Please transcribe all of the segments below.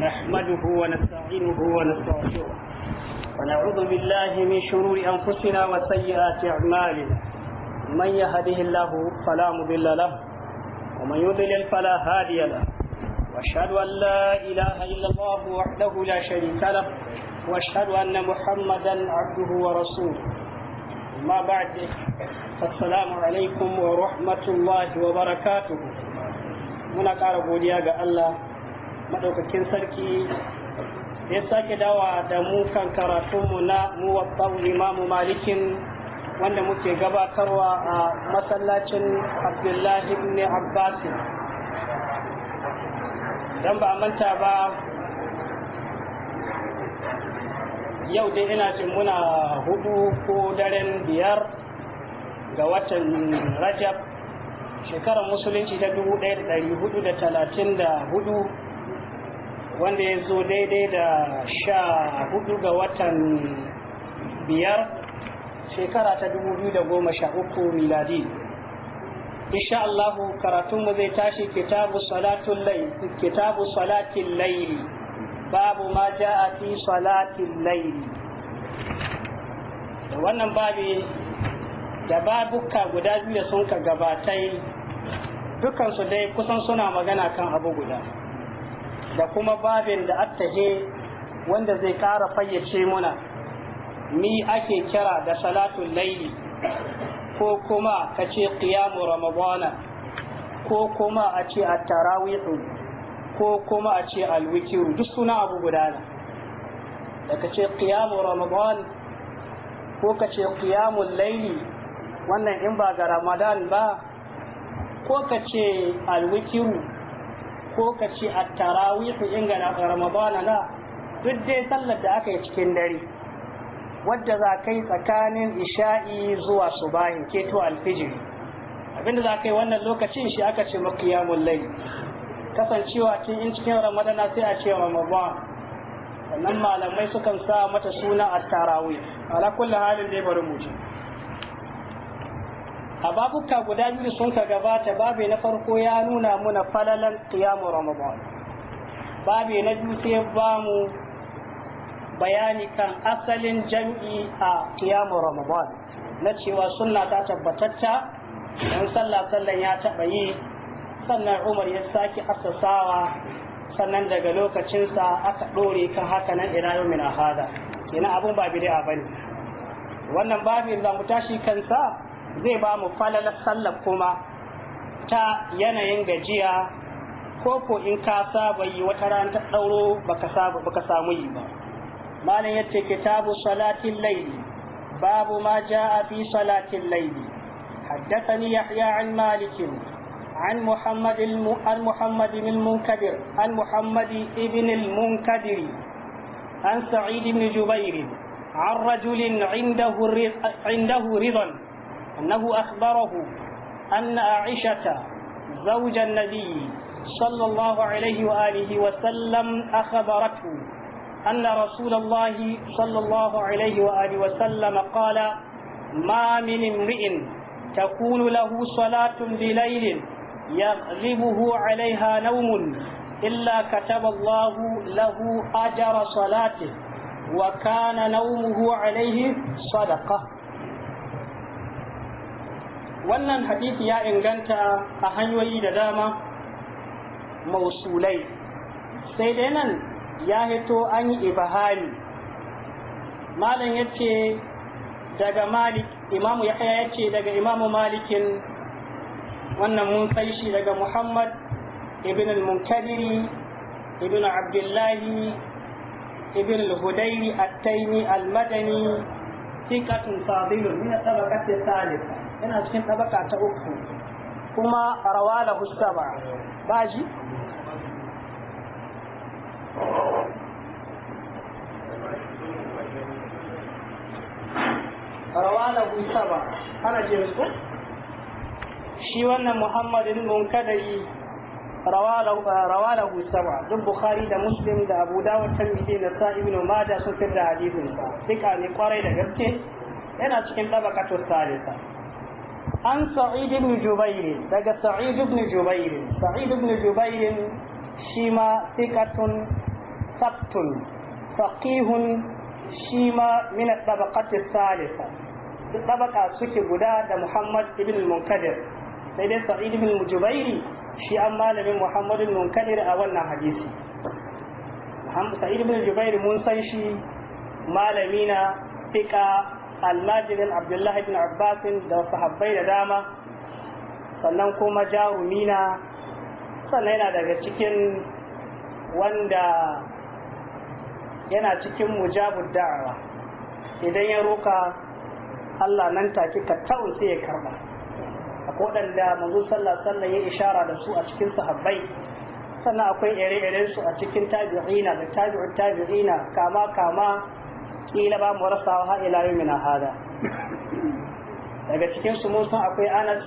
نحمده ونستعينه ونستغفره ونعوذ بالله من شرور أنفسنا وسيئات أعمالنا من يهده الله فلا مضل له ومن يضلل فلا هادي له واشهد أن لا إله إلا الله وحده لا شريك له واشهد أن محمدا عبده ورسوله ما بعد السلام عليكم ورحمة الله وبركاته من قال godiya ga Allah madaukakin sarki ya sake dawa da mu kan karatunmu na muwaffaq imamu malikin wanda muke gabatarwa a masallacin abdullahi ne abbas Don ba manta ba yau dai ina jin muna hudu ko daren biyar ga watan rajab shekarar musulunci ta 1434 wanda ya zo daidai da sha hudu ga watan biyar shekara ta dubu biyu da goma sha uku miladi insha Allahu karatunmu zai tashi kitabu salatul layl kitabu salatil layl babu ma jaa fi salatil layl wannan babi da babuka guda biyu sun ka gabatai dukansu dai kusan suna magana kan abu guda da kuma babin da attahe wanda zai kara fayyace muna mi ake kira da salatun laili ko kuma ka ce qiyamu ramadana ko kuma a ce at-tarawihu ko kuma a ce al-witr duk suna abu guda ne da ka ce qiyamu ramadan ko ka ce qiyamul laili wannan in ba ga ramadan ba ko ka ce al-witr ko ka ce a tarawihu inga na ramadana na duk dai sallar da aka yi cikin dare wadda za ka yi tsakanin isha'i zuwa subahin keto alfijiri abinda za ka yi wannan lokacin shi aka ce makiyamun lai kasancewa tun in cikin ramadana sai a ce ramadan sannan malamai sukan sa mata suna a tarawih ala kulli halin dai bari mu a babuka guda biyu sun ka gabata babu na farko ya nuna muna falalan qiyamu ramadan babu na biyu sai ba mu bayani kan asalin jam'i a qiyamu ramadan na cewa sunna ta ta dan sallah sallan ya taba yi sannan Umar ya saki asasawa sannan daga lokacinsa aka ɗore kan haka nan yau mina hada kenan abun ba a bane wannan babu za mu tashi kansa zai ba mu falalar sallar kuma ta yanayin gajiya ko ko in ka saba yi wata ran ta dauro baka saba baka samu yi ba malam yace kitabu salatin layli babu ma jaa fi salatin layli حدثني يحيى عن مالك عن محمد الم... عن محمد بن المنكدر عن محمد بن المنكدر عن سعيد بن جبير عن رجل عنده عنده رضا أنه أخبره أن عائشة زوج النبي صلى الله عليه وآله وسلم أخبرته أن رسول الله صلى الله عليه وآله وسلم قال ما من امرئ تكون له صلاة بليل يغلبه عليها نوم إلا كتب الله له أجر صلاته وكان نومه عليه صدقة wannan hadisi ya inganta a hanyoyi da dama mausulai sai dai nan ya hito an yi ibahani malam ya ce daga malik imamu ya ya ce daga imamu malikin wannan mun sai shi daga muhammad ibn al-munkadiri ibn abdullahi ibn al-hudayri at-taymi al-madani ثقة فاضل من yana cikin tabaka ta uku kuma da husaba ba ji rawalahu ba ana ce su shi wannan muhammadin munkadari rawalahu saba duk bukhari da muslim da abu dawon tirmidhi da sa na majah sun fi da hadisin sa dika ne kwarai da gaske yana cikin tabaqatu salisa an sa'id ibn jubair daga sa'id ibn jubair sa'id ibn jubair shi ma thiqatun sabtun faqihun shi ma min at-tabaqati salisa tabaka suke guda da muhammad ibn munkadir sai dai sa'id ibn jubair shi an malamin muhammad ibn munkadir a wannan hadisi sa'id ibn jubair mun san shi malamina na almajirin abdullahi bin abbasin da sahabbai da dama sannan kuma jarumina na sannan yana daga cikin wanda yana cikin mujabud da'awa idan ya roka Allah nan take ka ta'un sai ya karba akwai waɗanda manzo sallah sallah ya ishara da su a cikin sahabbai sannan akwai ire-iren su a cikin tabi'ina da tabi'ut tabi'ina kama kama kila ba mu rasawa har ila yau mina hada daga cikin su mun san akwai anas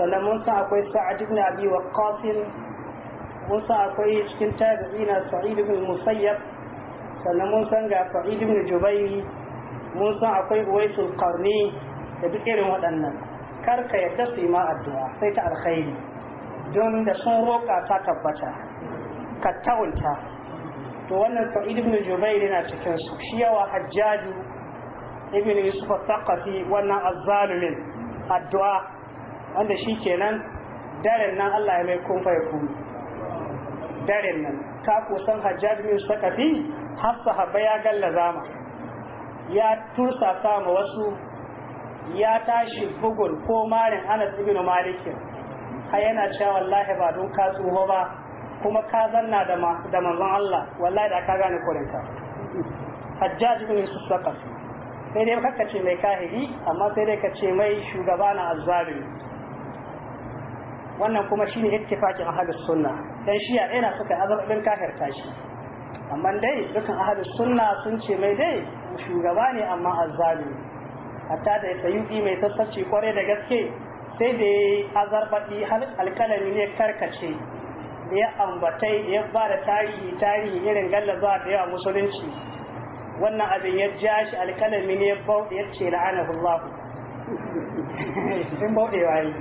sannan mun san akwai sa'ad ibn abi waqqas mun san akwai cikin tabi'ina sa'id ibn musayyab sannan mun san ga sa'id ibn jubayr mun san akwai uwaisul qarni da duk irin waɗannan kar ka yadda su yi ma addu'a sai ta alkhairi don da sun roƙa ta tabbata ka tawunta to wannan sa'id ibn jubair yana cikin su shi yawa hajjaju ibn yusuf al-thaqafi wannan az-zalimin addu'a wanda shi kenan daren nan Allah ya mai kun fa yakun daren nan ka ko san hajjaju ibn yusuf al-thaqafi har sahaba ya gallaza ma ya tursa ma wasu ya tashi bugun ko marin Anas ibn Malik har yana cewa wallahi ba don ka tsoho ba kuma ka zanna da masu da manzon Allah wallahi da ka gane korinka hajjaj ibn yusuf sai dai ka ce mai kahiri amma sai dai ka ce mai shugaba na azzalimi wannan kuma shine ittifaqin ahli sunna dan shi yana ɗaya suka azab din kafir tashi amma dai dukan ahli sunna sun ce mai dai shugaba ne amma azzalimi hatta da sayuɗi mai sassabci kwarai da gaske sai dai da azarbaɗi alkalami ne karkace ya ambatai ya ba da tarihi tarihi irin gallaza da yawa musulunci wannan abin ya ja shi alkalami ne ya bauɗe ya ce la'anahullah in bauɗe wa yi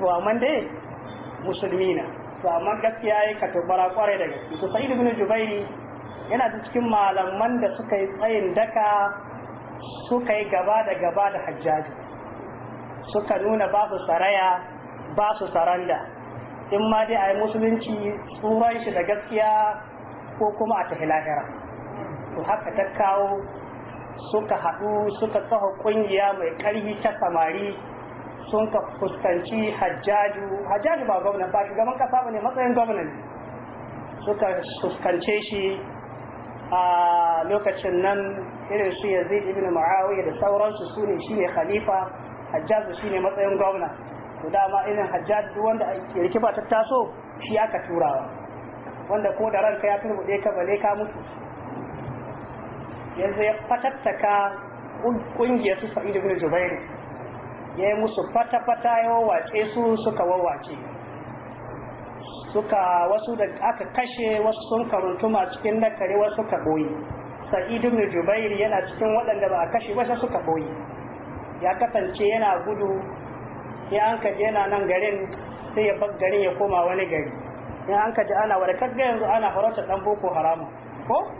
to amma dai musulmi na to amma gaskiya ya ka bara kwarai da gaske to sa'id ibn jubairi yana da cikin malaman da suka yi tsayin daka suka yi gaba da gaba da hajjaji suka nuna ba su saraya ba su saranda in ma dai a yi musulunci tsoron shi da gaskiya ko kuma a tafi lahira to haka ta kawo suka haɗu suka kafa ƙungiya mai ƙarfi ta samari sun ka fuskanci hajjaju hajjaju ba gwamnan ba shugaban kasa ba ne matsayin gwamnan suka fuskance shi a lokacin nan irin su yanzu ibn muawiya da sauransu su ne shine khalifa hajjaju shine matsayin gwamna to dama irin hajjaj duk wanda rikiba ta taso shi aka turawa wanda ko da ranka ya turbude ka bale ka mutu yanzu ya fatattaka kungiyar su sa'id ibn jubair ya yi musu fata-fata ya wawace su suka wawace suka wasu da aka kashe wasu sun karuntuma cikin nakare wasu ka boye Sa'idu bin jubair yana cikin waɗanda ba a kashe wasu suka boye ya kasance yana gudu in an ka yana nan garin sai ya bar garin ya koma wani gari in an ji ana wadda kaga yanzu ana farauta dan boko harama, ko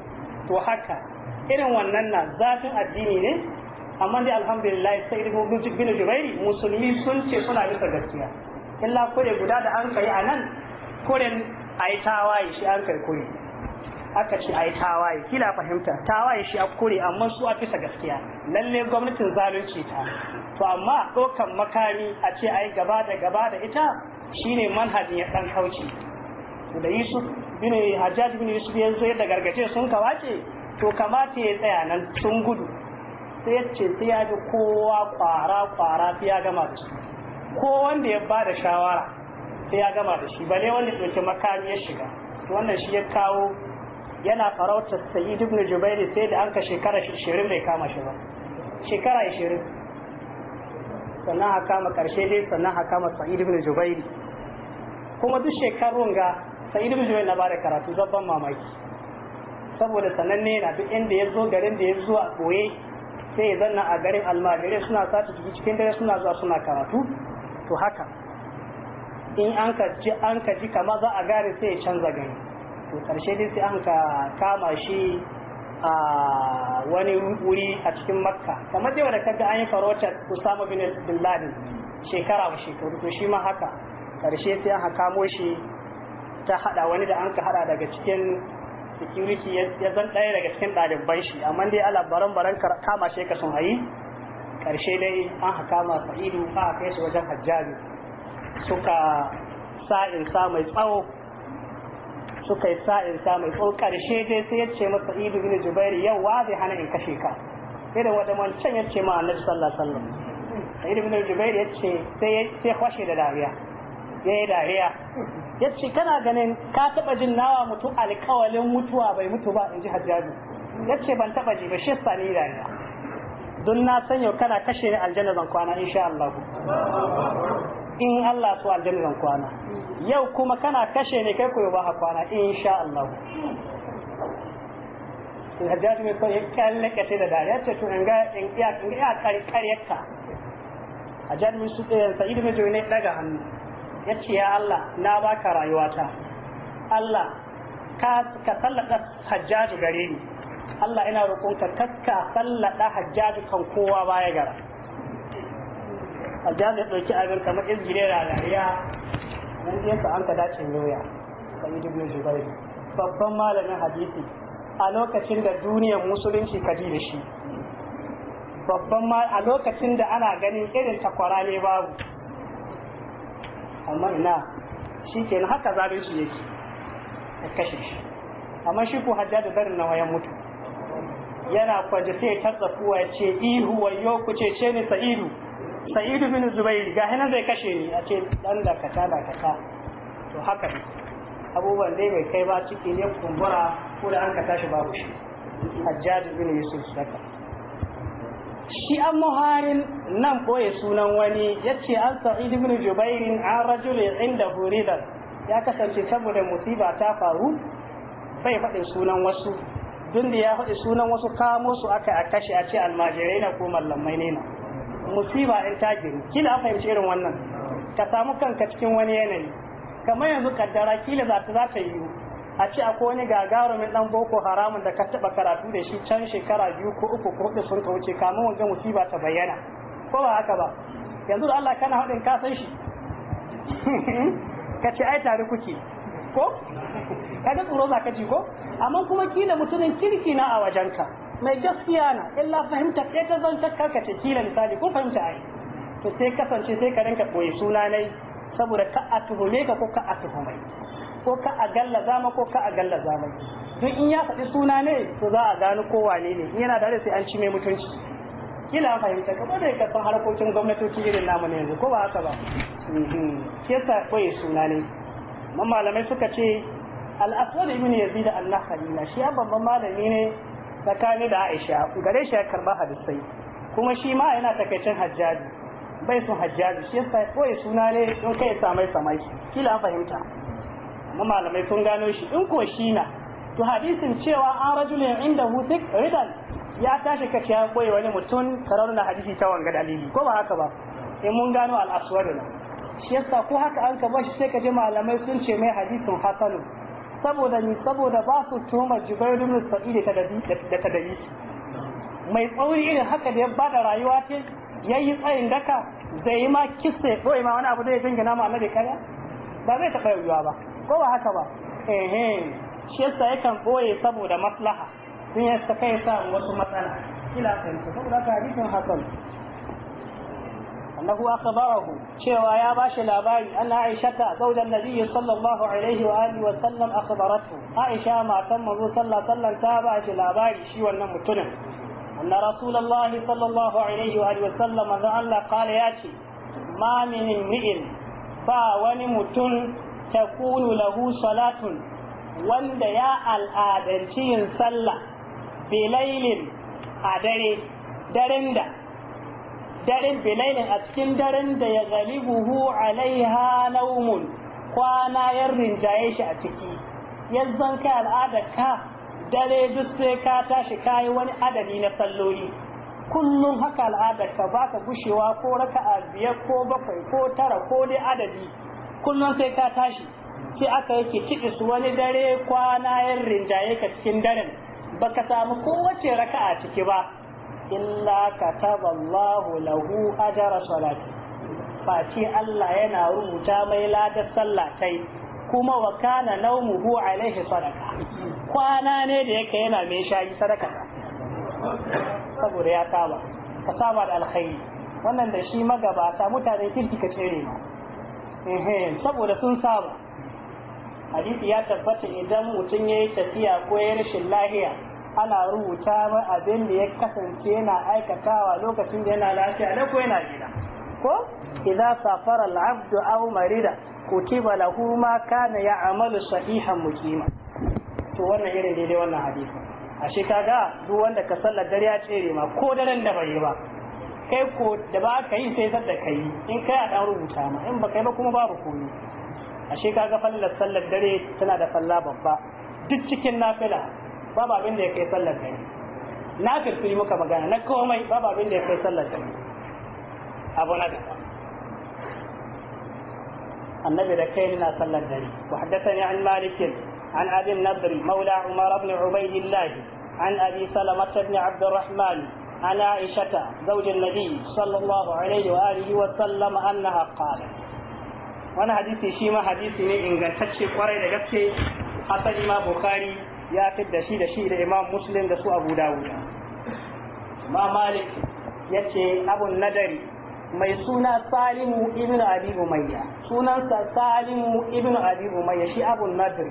to haka irin wannan na zafin addini ne amma dai alhamdulillah sai ibn Mujib bin Jubairi musulmi sun ce suna bisa gaskiya illa kure guda da an kai anan koren ai tawaye shi an kai kure aka ce ai tawaye kila fahimta tawaye shi a kure amma su a bisa gaskiya lalle gwamnatin zalunci ta to amma ɗaukan makami a ce ai gaba da gaba da ita shine manhajin ya ɗan kauce da yusuf bin hajjaj bin yusuf yanzu yadda gargace sun kawace to kamata ya tsaya nan sun gudu sai ce sai ya ji kowa kwara kwara sai ya gama da shi ko wanda ya bada shawara sai ya gama da shi bale wanda ɗauki makami ya shiga To wannan shi ya kawo yana farautar sayyid ibn jubairi sai da an ka shekara 20 bai kama shi ba shekara 20 sannan haka kama karshe dai sannan haka kama sa'id ibn jubairi kuma duk shekarun ga sa'id ibn jubairi na ba da karatu zabban mamaki saboda ne na duk inda ya zo garin da ya zo a ɓoye sai ya zanna a garin almajirai suna sace ciki cikin dare suna zuwa suna karatu to haka in an ka ji an ka ji kama za a gane sai ya canza gani to karshe dai sai an ka kama shi a wani wuri a cikin makka kamar dai da kaga an yi farautar usama bin bin laden shekara wa shekaru to shi ma haka karshe sai an haka shi ta hada wani da an ka hada daga cikin security ya zan ɗaya daga cikin ɗaliban shi amma dai ala baran baran kama shi ka sun hayi karshe dai an haka ma sa'idu an kai shi wajen hajjabi suka sa'in sa mai tsawo suka yi sa'in sa mai tsawo karshe dai sai ya ce masa idu gini jubair yau wa zai hana in kashe ka irin wanda wancan ya ce ma annabi sallallahu alaihi wasallam idu bin jubair ya ce sai sai kwashe da dariya ya yi dariya ya ce kana ganin ka taba jin nawa mutu alƙawalin mutuwa bai mutu ba in ji hajjabi ya ce ban taba ji ba shi ni dariya don na san yau kana kashe ni aljanna zan kwana insha Allah in Allah so aljanna kwana yau kuma kana kashe ne kai koyo ba ha kwana insha Allah Hajjaj mai kawai kyalle kace da dariya ce to in ga in iya in iya karkariyarka Hajjaj mai su da eh, sa'idu mai ne daga hannu ce ya Allah na baka rayuwata Allah ka ka sallada Hajjaj gare ni Allah ina roƙonka kaska sallada Hajjatu kan kowa baya gara a jami ɗauki abin kamar da rariya mun yi ka an ka dace noya ka yi dubu zubairu babban malamin hadisi a lokacin da duniyar musulunci ka ji da shi babban a lokacin da ana ganin irin takwara ne babu amma ina shi ke haka zalin shi yake a kashe shi amma shi ku hajja da zarin na wayan mutu yana kwanje sai ya tarza kuwa ce ihu wayo ku ce ce ni sa'idu sa'id bin zubair ga hinan zai kashe ni a ce dan da kata da kata to haka ne abubuwan dai bai kai ba ciki ne kumbura ko da an ka tashi babu shi hajjaj bin yusuf saka shi an muharin nan boye sunan wani yace an sa'id bin zubair an rajul inda huridan ya kasance saboda musiba ta faru bai faɗin sunan wasu duk da ya faɗi sunan wasu kamo su aka a kashe a ce almajirai na ko mallamai ne na musiba in ta giru kila an fahimci irin wannan ka samu kanka cikin wani yanayi kamar yanzu kaddara kila za ta za ta yiwu a ce akwai wani gagarumin dan boko haramun da ka taba karatu da shi can shekara biyu ko uku ko hudu sun ka wuce kamun wanda musiba ta bayyana ko ba haka ba yanzu da Allah kana hadin ka san shi ka ce ai tare kuke ko kaga tsoro za ka ji ko amma kuma kila mutumin kirki na a wajenka mai gaskiya na illa fahimta k'e ta zan karka ce kila misali ko fahimta ai to sai kasance sai ka rinka koyi suna nai saboda ka a tuhume ka ko ka a tuhume ko ka a galla zama ko ka a galla zama duk in ya faɗi suna ne to za a gano ko wane ne in yana da sai an ci mai mutunci kila fahimta ka da ka san harkokin gwamnatoci irin namu ne yanzu ko ba haka ba mhm. yasa koyi suna ne malamai suka ce al-aswad ibn yazid an-nakhali shi babban malami ne tsakani da Aisha gare shi ya karba hadisai kuma shi ma yana takaicin hajjaji bai sun hajjaji shi yasa koyi suna ne don kai samai samai kila an fahimta amma malamai sun gano shi in ko shi na to hadisin cewa an rajulin inda husik ridan ya tashi kace ya koyi wani mutum karar na hadisi ta wanga dalili ko ba haka ba in mun gano al-aswad shi yasa ko haka an ka bashi sai ka je malamai sun ce mai hadisin hasanu saboda ni saboda ba su tuhumar jubair ibn sa'id da kadabi mai tsauri irin haka da ya bada rayuwa ce yayi tsayin daka zai yi ma kisse ko ma wani abu da ya jingina ma annabi kaya ba zai taɓa yiwuwa ba ko ba haka ba eh shi yasa yakan boye saboda maslaha sun yasa kai sa wasu matsala ila kan saboda hadisin hasan annahu akhbarahu cewa ya bashi labari anna Aisha ta zaujan nabiyyi sallallahu alaihi wa alihi wa sallam akhbaratu Aisha matan manzo sallallahu alaihi ta bashi labari shi wannan mutumin anna rasulullah sallallahu alaihi wa alihi wa sallam manzo Allah qala yace ma min ni'in ba wani mutum Kulu lahu salatun wanda ya al'adanci yin sallah bilailin a dare daren da Darin bilailin a cikin daren da ya galibuhu alaiha naumun kwana 'yan rinjaye shi a ciki yanzu ka al'ada ka dare duk sai ka tashi kayi wani adadi na salloli kullum haka al'ada ka baka gushewa ko raka'a biyar ko bakwai ko tara ko dai adadi kullum sai ka tashi sai aka yake kiɗi su wani dare kwana 'yan rinjaye ka cikin daren baka samu kowace raka'a ciki ba illa kataba Allahu lahu ajra salati face Allah yana rubuta mai ladar sallah tai kuma wa kana nawmuhu alaihi sadaka kwana ne da yake yana mai shayi sadaka saboda ya saba ka saba da alkhairi wannan da shi magabata mutane kirki ka tsere saboda sun saba hadisi ya tabbata idan mutum ya yi tafiya ko ya rashin lahiya ana rubuta mai abin da ya kasance yana aikatawa lokacin da yana lafiya da ko yana gida ko idan safar al-abdu aw marida kutiba lahu ma kana amalu sahihan mukima to wannan irin daidai wannan hadisi ashe kaga duk wanda ka sallar dare ya tsere ma ko daren da bai yi ba kai ko da ba ka yi sai sadda kai in kai a dan rubuta ma in ba kai ba kuma babu komai ashe kaga fallar sallar dare tana da falla babba duk cikin nafila babu abin da ya kai sallar dare na firfiri muka magana na komai babu abin da ya kai sallar dare abu na gaba annabi da kai na sallar dare wa haddathani an malik an abi nadr maula umar ibn ubaydillah an abi salama ibn abd الرحمن عن عائشة زوج النبي صلى الله عليه وآله وسلم أنها قالت hadisi shi ma hadisi ne إن kwarai da gaske حسن ما بخاري ya fidda shi da shi da imam muslim da su abu dawud Ma malik ya ce abun nadari mai suna salimu ibn abi umayya sunansa salimu ibn abi umayya shi abun nadari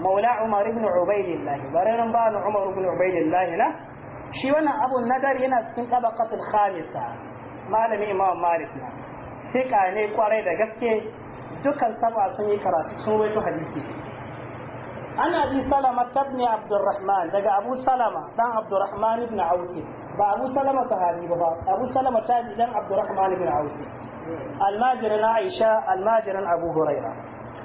maula umar ibn ubaidillah baranan ba na umar ibn ubaidillah na shi wannan abun nadari yana cikin tabaqatul khamisa malami imam malik na Sai ne kwarai da gaske dukkan saba sun yi karatu sun waito hadisi أنا أبي سلمة ابن عبد الرحمن دقى أبو سلمة بن عبد الرحمن بن عوف بأبو سلمة صحابي بابا أبو سلمة تابي بن عبد الرحمن بن عوف الماجر عائشة الماجر أبو هريرة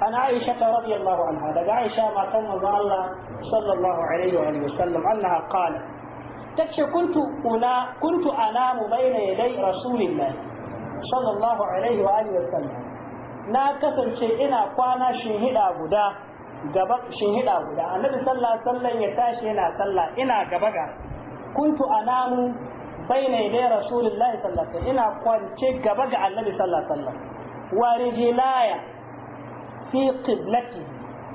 أنا عائشة رضي الله عنها دقى عائشة ما كان الله صلى الله عليه وآله وسلم أنها قالت تكش كنت أنا كنت أنام بين يدي رسول الله صلى الله عليه وآله وسلم na kasance ina kwana shin hida guda gaba shin hida guda annabi sallallahu alaihi wasallam ya tashi yana sallah ina gaba ga kuntu anamu baina yaday rasulullahi sallallahu alaihi wasallam ina kwance gaba ga annabi sallallahu alaihi wasallam wa rijilaya fi qiblati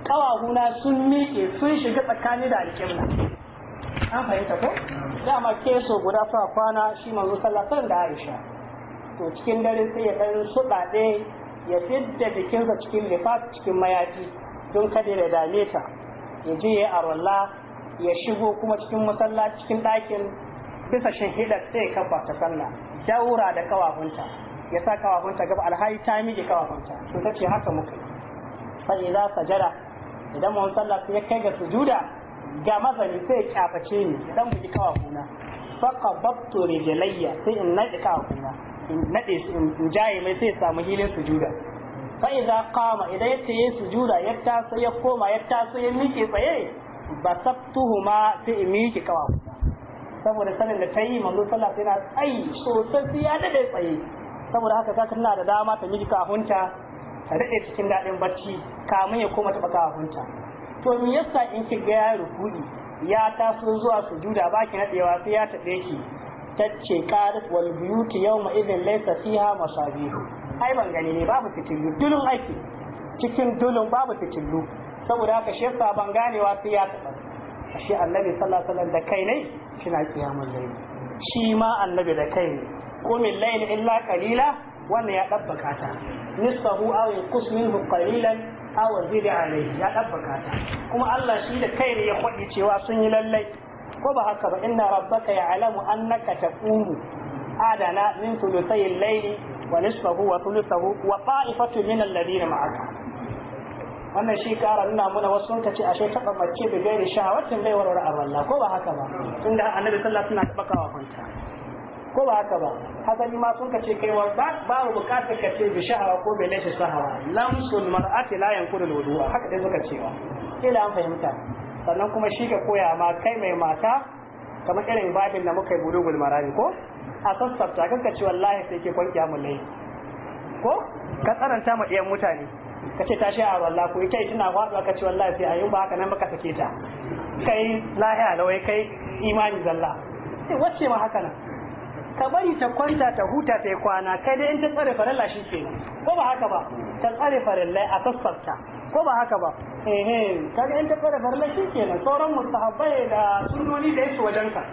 kawahuna sun miƙe sun shiga tsakani da alƙibla an fahimta ko dama keso guda fa kwana shi manzo sallallahu alaihi wasallam da Aisha to cikin dare sai ya dan suɗaɗe ya fidda jikinsa cikin lifaf cikin mayafi don kada ya dame ta ya je ya arwalla ya shigo kuma cikin musalla, cikin ɗakin bisa shin hidar sai kafa ta sallah daura da kawafunta ya sa kawafunta gaba alhali ta miƙe kawafunta to ta ce haka muka sai za sajada idan mun sallah ya kai ga sujuda ga mazani sai ya kyaface ni idan buki kawafuna faqabattu rijalayya sai in naɗe kawafuna in naɗe su in jaye mai sai ya samu hilin sujuda fa kama qama idan yace yayi sujuda ya taso ya koma ya taso ya miƙe tsaye basabtuhuma sai in miƙe kawa saboda sanin da tayi manzo sallah sai na tsayi sosai sai ya daɗe tsaye saboda haka ka tana da dama ta miƙe kafunta ta daɗe cikin daɗin barci kamun ya koma ta baka kafunta to me yasa in ki ga ya kuɗi? ya taso zuwa sujuda baki naɗewa sai ya tabe ki tacce qarat wal buyut yawma idhin laysa fiha masabihu ai ban gani ne babu fitillu dulun aiki cikin dulun babu fitillu saboda haka shi yasa ban ganewa sai ya taɓa shi annabi sallallahu alaihi wasallam da kai ne shi na kiyamul layl shi ma annabi da kai ne qumil layl illa qalila wannan ya dabbaka ta nisfahu aw yanqus minhu qalilan aw zid alayhi ya dabbaka ta kuma Allah shi da kai ne ya faɗi cewa sun yi lallai ko ba haka ba inna rabbaka ya'lamu annaka taqumu adana min thuluthayil layli wa nisfahu wa thuluthahu wa ta'ifatu wannan shi kara nuna muna wasu sun ce ashe taba mace da gairi shahawatin bai warware arwalla ko ba haka ba tunda annabi sallallahu alaihi wasallam suna taba kawa kwanta ko ba haka ba hasali ma sun kace kai wa ba mu bukatar ka ce bi shahawa ko bi laysa shahawa lamsul mar'ati la yanqulu alwudu'a haka dai suka cewa kila an fahimta sannan kuma shi ka koya ma kai mai mata kamar irin babin da muka yi bulugul marami ko a sassafta kanka ce wallahi sai ke kwanki mu lai ko ka tsaranta ma iya mutane ka ce tashi a walla ko ita tana faɗuwa ka ce wallahi sai ayyun ba haka nan baka sake ta kai lahiya lawai kai imani zalla sai eh, wacce ma haka nan ka bari ta kwanta ta huta ta kwana kai dai in ta tsare farilla shi ke ko ba haka ba ta tsare farilla a sassafta ko ba haka ba ehe, kaga in ta fara farla shikenan sauran mustahabbai da sunoni da yasu wajen ka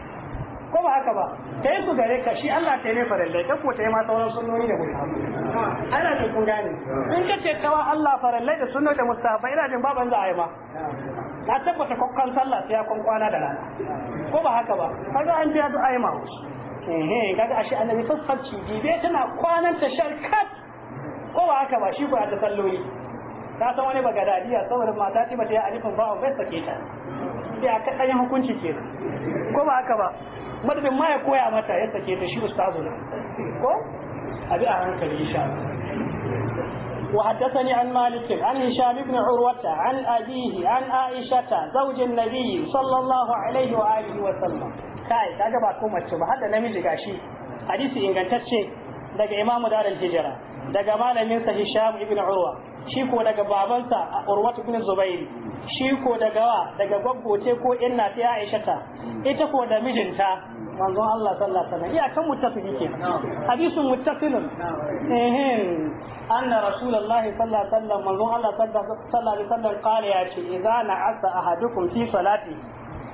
ko ba haka ba ta yi su gare ka shi Allah ta yi ne farallai ta ko ta yi ma sauran sunoni da mustahabbai ana jin kun gane in ka ce kawa Allah farallai da sunnoni da mustahabbai ina jin baban za a yi ma na tabbata kokkan sallah sai ya kwan kwana da rana ko ba haka ba kaga an ji addu'a yi ma kaga ashe annabi sassarci jibe tana kwanan ta kat. ko ba haka ba shi ko ta salloli ka san wani bagadadiya saboda mata ce bata yi alifin ba a sake ta sai a ɗanyen hukunci ke ko ba haka ba madadin ma ya koya mata ya sake ta shi ustazu ne ko abi a hankali insha وحدثني عن مالك عن هشام بن عروة عن أبيه عن عائشة زوج النبي صلى الله عليه وآله وسلم كاي كاجا باكو ماتشو هذا نميجي غاشي حديث إنغانتاتشي daga imamu darar hijira daga malamin sa Hisham ibn shi ko daga babansa a urwatu bin zubairi shi ko daga daga gwaggote ko inna ta aisha ta ita ko da mijinta manzo Allah sallallahu alaihi wasallam ya kan muttafiki ke hadisu muttasilun eh anna rasulullahi sallallahu alaihi wasallam manzo Allah sallallahu alaihi wasallam kale ya ce idza asa ahadukum fi salati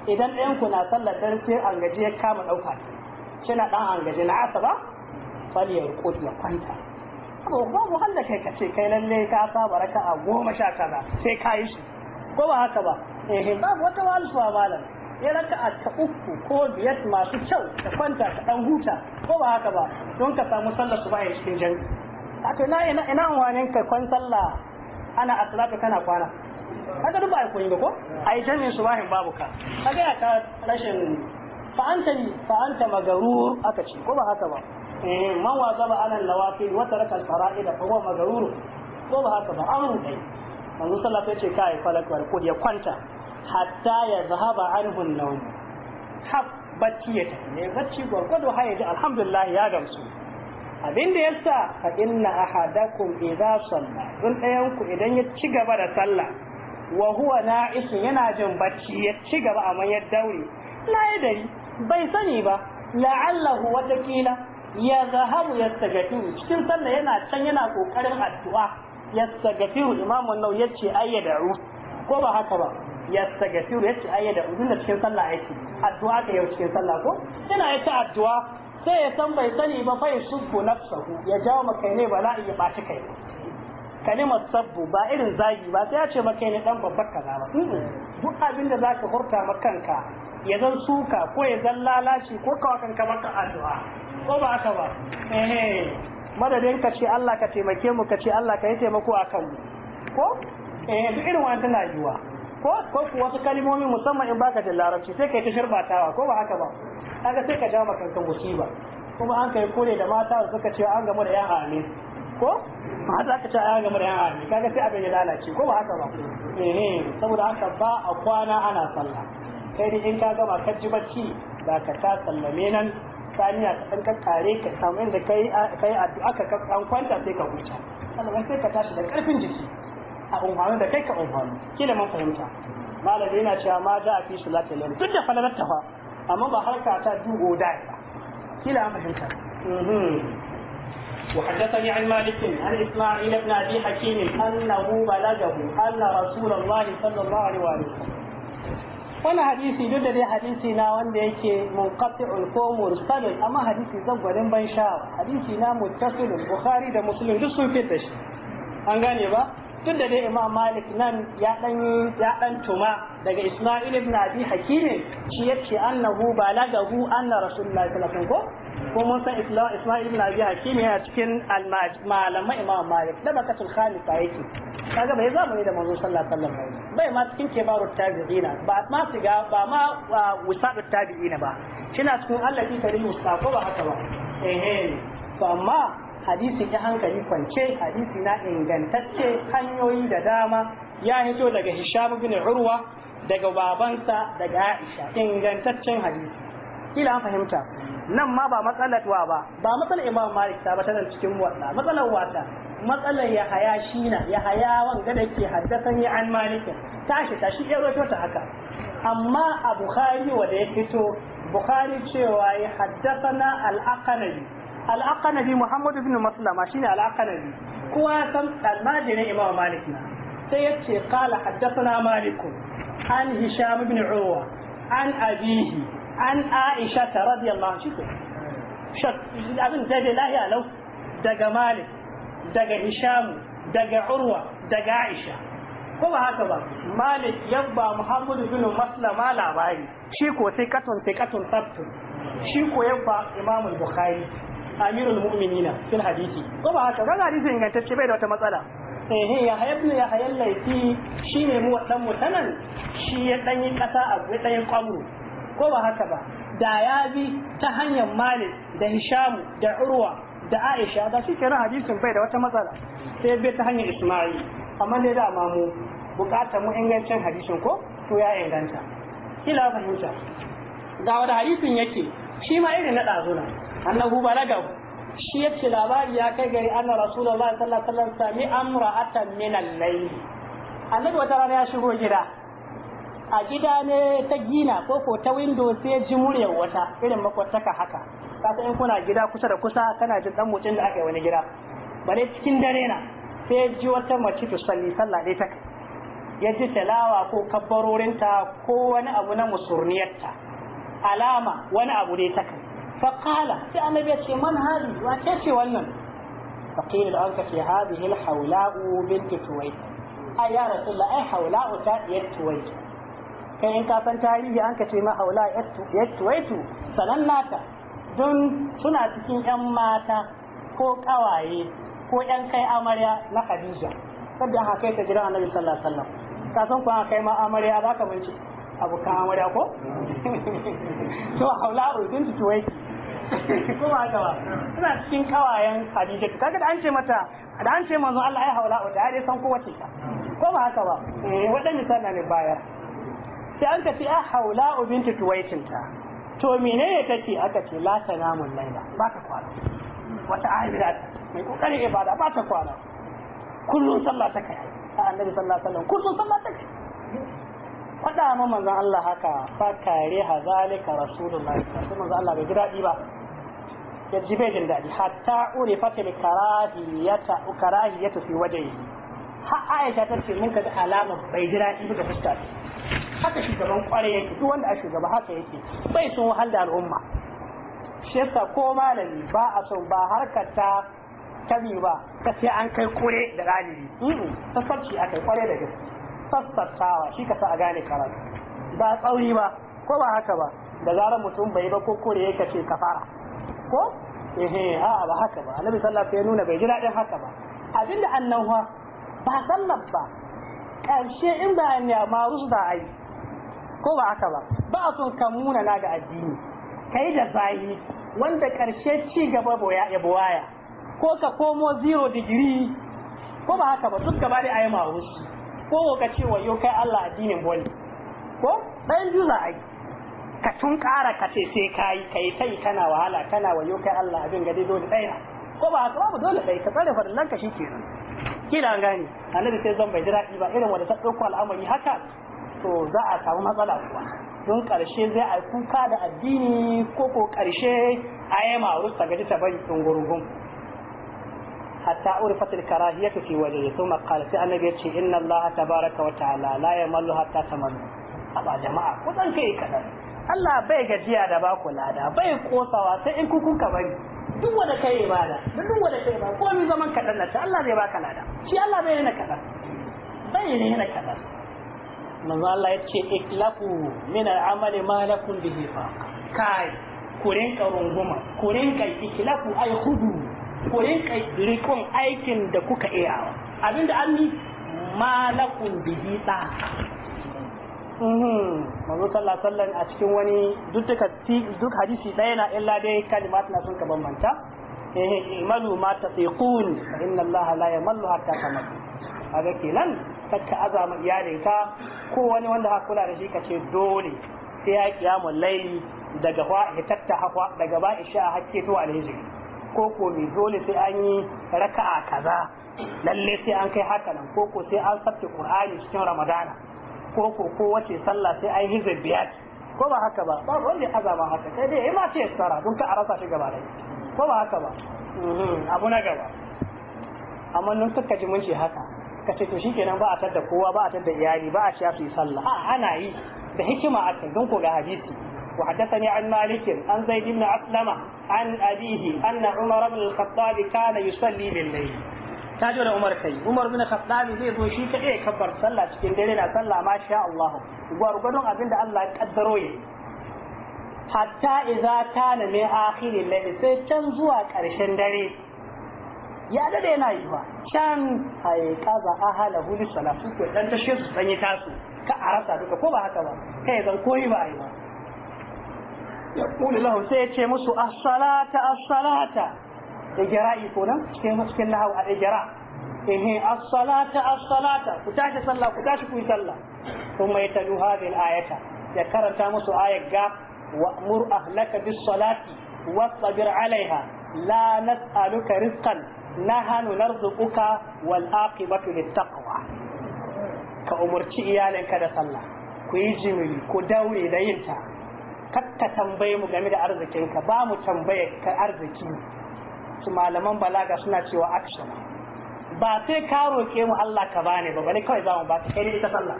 idan ɗayan ku na sallar dan sai an gaje ya kama dauka kina dan an na asa ba fal ya kwanta ko ba mu halla kai kace kai lalle ka saba a goma sha kaza sai ka yi shi ko ba haka ba eh ba wata walfa malam ya raka'a ta uku ko biyar masu kyau ka kwanta ka dan huta ko ba haka ba don ka samu sallar subha ya cikin jami'i a to na ina ina wanin ka kwan sallah ana asalatu kana kwana kaga duk ba ai koyi ba ko ai jami'in subahin babu ka kaga ya ka rashin fa anta fa anta magarur aka ce ko ba haka ba eh man wajaba ala nawafil wa taraka al-fara'id fa huwa maghrur ko ba haka ba amun dai manzo sallallahu alaihi wasallam kai falak wal qud ya kwanta hatta ya zahaba anhu an-nawm hab bacci ya tafi ne bacci gwargwado har yaji alhamdulillah ya gamsu abin da yasa fa inna ahadakum idza salla dun ɗayan ku idan ya ci gaba da sallah wa huwa na'isun yana jin bacci ya ci gaba amma ya daure la ya dari bai sani ba la'allahu wata kila ya zahabu ya tagafiru cikin sallah yana can yana kokarin addu'a ya tagafiru imam wannan ya ce ayyada'u ko ba haka ba ya tagafiru ya ce ayyada'u tunda cikin sallah ce addu'a ka yau cikin sallah ko yana ta addu'a sai ya san bai sani ba fa na nafsahu ya jawo maka ne bala'i ya baci kai kalimar sabbu ba irin zagi ba sai ya ce maka ne dan babbar kaza ba duk abin da zaka hurta makanka ya zan suka ko ya zan lalaci ko kawakan kamar ka addu'a ko ba haka ba ehe madadin ka ce Allah ka taimake mu ka ce Allah ka yi taimako a kanmu ko eh duk irin wannan tana yiwa ko ko wasu kalmomi musamman in baka da larabci sai kai ta shirbatawa ko ba haka ba kaga sai ka ja maka kan musiba kuma an kai kore da mata suka ce an gamu da yan hali ko za ka ce an gamu da yan hali kaga sai abin ya lalace ko ba haka ba eh saboda haka ba a kwana ana sallah kai dai in ka gama kaji bacci za ka ta sallame nan Sani ka san kakkare ka samu inda kai kai addu'a ka kan kwanta sai ka huta sannan sai ka tashi da karfin jiki a umfani da kai ka umfani kila mun fahimta malami yana cewa ma da fi salatul layl duk da falalar ta fa amma ba harka ta dugo da kila an fahimta mm-hmm. وحدثني عن مالك عن اسماعيل بن ابي حكيم انه بلغه ان رسول الله صلى الله عليه وسلم wani hadisi duk da dai hadisi na wanda yake munqati'ul ko mursalun amma hadisi zan gwanin ban sha hadisi na muttasilun bukhari da muslim duk sun fitta shi an gane ba duk da dai imam malik nan ya dan ya dan tuma daga isma'il ibn abi hakim shi yake annahu balagahu anna rasulullahi sallallahu alaihi wasallam ko ko mun san Isma'il ibn Abi Hakim yana cikin malaman Imam Malik da tul khalifa yake kaga bai zamani da manzo sallallahu alaihi wasallam bai ma cikin kibarut tabi'ina ba ma siga ba ma wusabu tabi'ina ba kina cikin Allah ki karim mustafa ba haka ba eh eh to amma hadisi ta hankali kwance hadisi na ingantacce hanyoyi da dama ya hito daga Hisham bin Urwa daga babansa daga Aisha ingantaccen hadisi kila an fahimta nan ma ba matsalar wa ba ba matsalar imam malik ta ba tana cikin wata matsalar wata matsalar ya haya shi na ya haya wanda da ke haddasan ya an malikin tashi tashi ya roto ta haka amma a bukhari wanda ya fito bukhari cewa ya haddasana al-aqanabi al-aqanabi muhammad maslama shine al-aqanabi kowa san almajirin imam malik na sai ya ce qala haddathana malikun an hisham bin urwa an abihi an aisha ta radiyallahu anha shiko shak abin da dai lahiya lau daga malik daga hisham daga urwa daga aisha ko ba haka ba malik yabba muhammadu bin maslama labari shi ko sai katon sai katon sabtu shi ko yabba imamul bukhari amirul mu'minina fil hadisi ko ba haka ba hadisi ingantacce bai da wata matsala eh ya hayab ya hayal laifi shine mu wadan mutanan shi ya danyi kasa a gudan kwamru ko ba haka ba da ya bi ta hanyar malik da hishamu da urwa da aisha da shi kenan hadisin bai da wata matsala sai bai ta hanyar isma'il amma ne da mamu bukatar mu ingancin hadisin ko to ya inganta ila fahimta ga wani hadisin yake shi ma irin na ɗazuna annabu balagahu shi yace labari ya kai gari anna rasulullahi sallallahu alaihi wasallam sami amra'atan min al-layl annabi wata rana ya shigo gida a gida ne ta gina ko ko ta Windo sai ji muryar wata irin makwataka haka kasa in kuna gida kusa da kusa kana jin dan mutun da aka yi wani gida bare cikin dare na sai ji wata mace ta salli sallah dai ta ya ji talawa ko kabbarorinta ko wani abu na musurniyarta alama wani abu dai ta fa qala sai annabi ya ce man hadi wa ce ce wannan faqila an anka fi hadhihi al-hawla'u bint tuwayt ay ya rasulullah ay hawla'u ta diyat tuwayt kai in ka tarihi an ka ce ma haula yattuwaitu sanan nata don suna cikin yan mata ko kawaye ko yan kai amarya na Khadija sabbi an kai ta gidan Annabi sallallahu alaihi wasallam ka san ko an kai ma amarya za ka mance abokan amarya ko to haula udin tuwaiti ko ba haka ba suna cikin kawayen Khadija kaga da an ce mata da an ce manzo Allah ya haula udin dai san ko wace ka ko ba haka ba eh wadannan sanan ne bayar sai an ka ce a ah, haula ubintu tuwaitinta to menene take aka ce la namun laila ba ta kwana wata ahira mai kokarin ibada ba ta kwana kullun sallah ta kai a annabi sallallahu alaihi wasallam kullun sallah ta kai faɗa ma manzon Allah haka fa kare hazalika rasulullahi sallallahu alaihi wasallam manzon Allah bai ji daɗi ba ya ji bai jin daɗi hatta ure fatil karahiyata karahiyata fi wajehi har Aisha ta ce mun ga alama bai ji daɗi ba ga fuskar haka shugaban kware yake duk wanda a shugaba haka yake bai sun wahal da al'umma shi ko malami ba a son ba harkar ta tabi ba ta sai an kai kure da ɗalibi sassarci a kai kware da gaske sassartawa shi ka sa a gane karatu ba tsauri ba ko ba haka ba da zarar mutum bai ba ko kure yake ce kafara ko ehe a'a ba haka ba annabi sallallahu alaihi wasallam ya nuna bai ji daɗin haka ba abinda annabawa ba sallar ba karshe in ba ne marus da ai ko ba haka ba ba a son ka muna na ga addini kai da zahi wanda karshe ci gaba boya ya buwaya ko ka komo zero digiri ko ba haka ba duk gaba da ai marus ko ka ce wayo kai Allah addinin boli ko dan a ai ka tun ƙara ka ce sai ka yi ka yi kai kana wahala kana wayo kai Allah abin gadi dole ɗaya ko ba haka ba dole ɗaya ka tsare nan ka shi kenan kila gane annabi sai zan bai ji daɗi ba irin wanda ta ɗauko al'amari haka to za a samu matsala kuwa don ƙarshe zai a kuka da addini ko ko ƙarshe a yi ma'arus ta gaji ta bari hatta uri fatil karahiyatu fi waje to makala sai annabi ya ce inna allaha tabaraka wa ta'ala la yamallu hatta a aba jama'a ku dan kai kadan Allah bai gajiya da baku lada bai kosawa sai in ku kun bari duk wanda kai ibada duk wanda kai ba ko ni zaman kadan na Allah zai baka lada shi Allah bai yana kadan bai yana kadan manzo Allah ya iklafu min al'amali ma lakum bihi fa kai kurin ka runguma kurin ka iklafu ai khudu kurin ka rikon aikin da kuka iya abinda an ma lakum bihi ta Mhm. manzo sallallahu alaihi wasallam a cikin wani duk duk hadisi ɗaya na illa dai kalimat na sun ka bambanta eh imalu ma tatiqun fa inna Allah la yamallu hatta tamallu kaga kenan takka azama iyalinka ko wani wanda ka kula da shi ka ce dole sai ya kiyamul laili daga fa hitatta hafa daga ba isha hakke to alhijri ko ko mi dole sai an yi raka'a kaza lalle sai an kai haka nan ko ko sai an sabta qur'ani cikin ramadana ko ko wace sallah sai ai hizb biyat ko ba haka ba ba wanda ya azama haka sai dai ima ce tsara don ka arasa shi gaba dai ko ba haka ba mm-hmm. abu na gaba amma nan suka ji mun ce haka ka ce to shikenan ba a tadda kowa ba a tadda iyali ba a ci su yi sallah a ana yi da hikima a kan don ko ga hadisi وحدثني عن مالك عن زيد بن أسلم عن أبيه أن عمر بن الخطاب كان يصلي بالليل ta jo da Umar kai Umar bin Khattab zai zo shi kaɗai ya kabbar sallah cikin dare na sallah ma sha Allah gwargwadon abin da Allah ya kaddaro yayi hatta idza kana min akhiril layl sai can zuwa ƙarshen dare ya dade yana yi ba can ai kaza ahala huli salatu ko dan tashe su sanye tasu ka arasa duka ko ba haka ba kai zan koyi ba ai ba yaqulu lahu sai ya ce musu as-salata as-salata إجراء يكون كما لها الإجراء إيه الصلاة الصلاة كتاش صلى كتاش كوي صلى ثم يتلو هذه الآية يكرر تامس آية جاء وأمر أهلك بالصلاة واصبر عليها لا نسألك رزقا نحن نرزقك والعاقبة للتقوى كأمرتي يعني إيالك كذا صلى كوي جميل كدوري دينتا kakka tambaye mu game كبام arzikinka ba mu su malaman balaga suna cewa action ba sai ka roke mu Allah ka bani ba bane kawai za mu ba kai ne ita sallah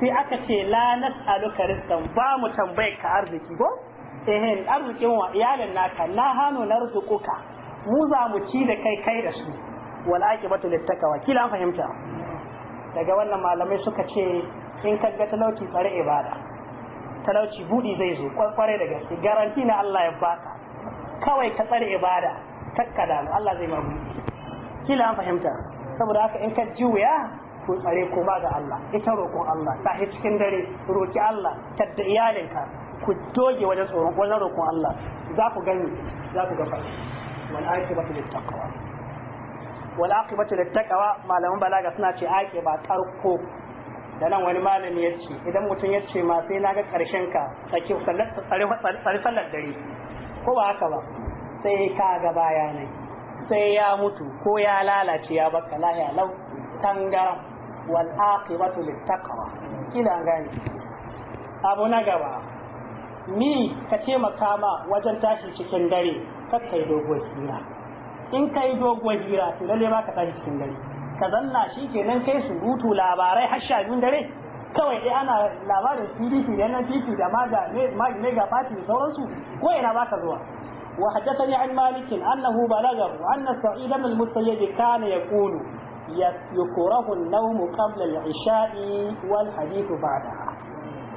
sai aka ce la nas'aluka rizqan ba mu tambaye ka arziki ko eh arzikin wa iyalin naka na hanu rizquka mu za mu ci da kai kai da su wal aqibatu littaqwa kila an fahimta daga wannan malamai suka ce in ka ga talauci tsare ibada talauci budi zai zo kwarai da gaske garanti na Allah ya baka kawai ka tsare ibada takkada mu Allah zai mabu kila an fahimta saboda haka in ka juya ko tsare ko ba ga Allah ita roƙon Allah ta cikin dare roki Allah tadda iyalinka ku doge wajen tsoron wajen roƙon Allah za ku gani za ku fa wal aqibatu lit taqwa wal aqibatu lit taqwa malaman balaga suna ce ake ba tarko da nan wani malami ya ce idan mutum ya ce ma sai na ga ƙarshen ka sake sallar dare ko ba haka ba sai ka ga baya sai ya mutu ko ya lalace ya baka lahiya lau tangara wal aqibatu littaqwa kila gani abu na gaba ni ka taimaka ma wajen tashi cikin dare kai dogon hira in kai dogon hira to lalle ba ka tashi cikin dare ka zanna shi kenan kai surutu labarai har sha biyun dare kawai dai ana labarin pdp da nan titi da maga mega party da sauransu ko ina ba ka zuwa وحدثني عن مالك أنه بلغه أن سعيد بن المسيب كان يقول يكره النوم قبل العشاء والحديث بعدها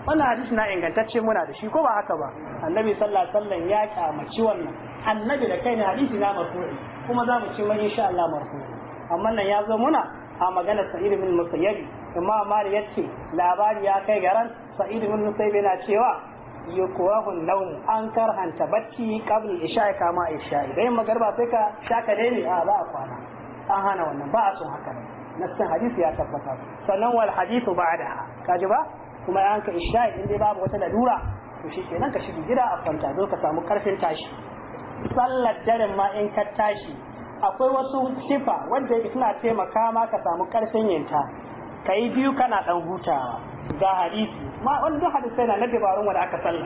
wannan hadisi na ingantacce muna da shi ko ba haka ba annabi sallallahu alaihi wasallam ya kyamaci wannan annabi da kai ne hadisi na marfu'i kuma za mu ci mai insha Allah marfu'i amma nan ya zo muna a maganar sa'id bin musayyib amma mali yace labari ya kai garan sa'id bin musayyib yana cewa yukrahu an an karhanta bacci isha isha'i kama isha'i dai magarba sai ka shaka dai ne a ba a kwana an hana wannan ba a son haka ne nassin hadisi ya tabbata sannan wal hadithu ka ji ba kuma an ka isha'i in dai babu wata lalura to shi kenan ka shiga gida a kwanta zo ka samu karfin tashi sallar daren ma in ka tashi akwai wasu sifa wanda suna taimaka ma ka samu karfin yinta ka yi biyu kana dan hutawa da hadisi ma wani duk hadisai na dabarun wanda aka salla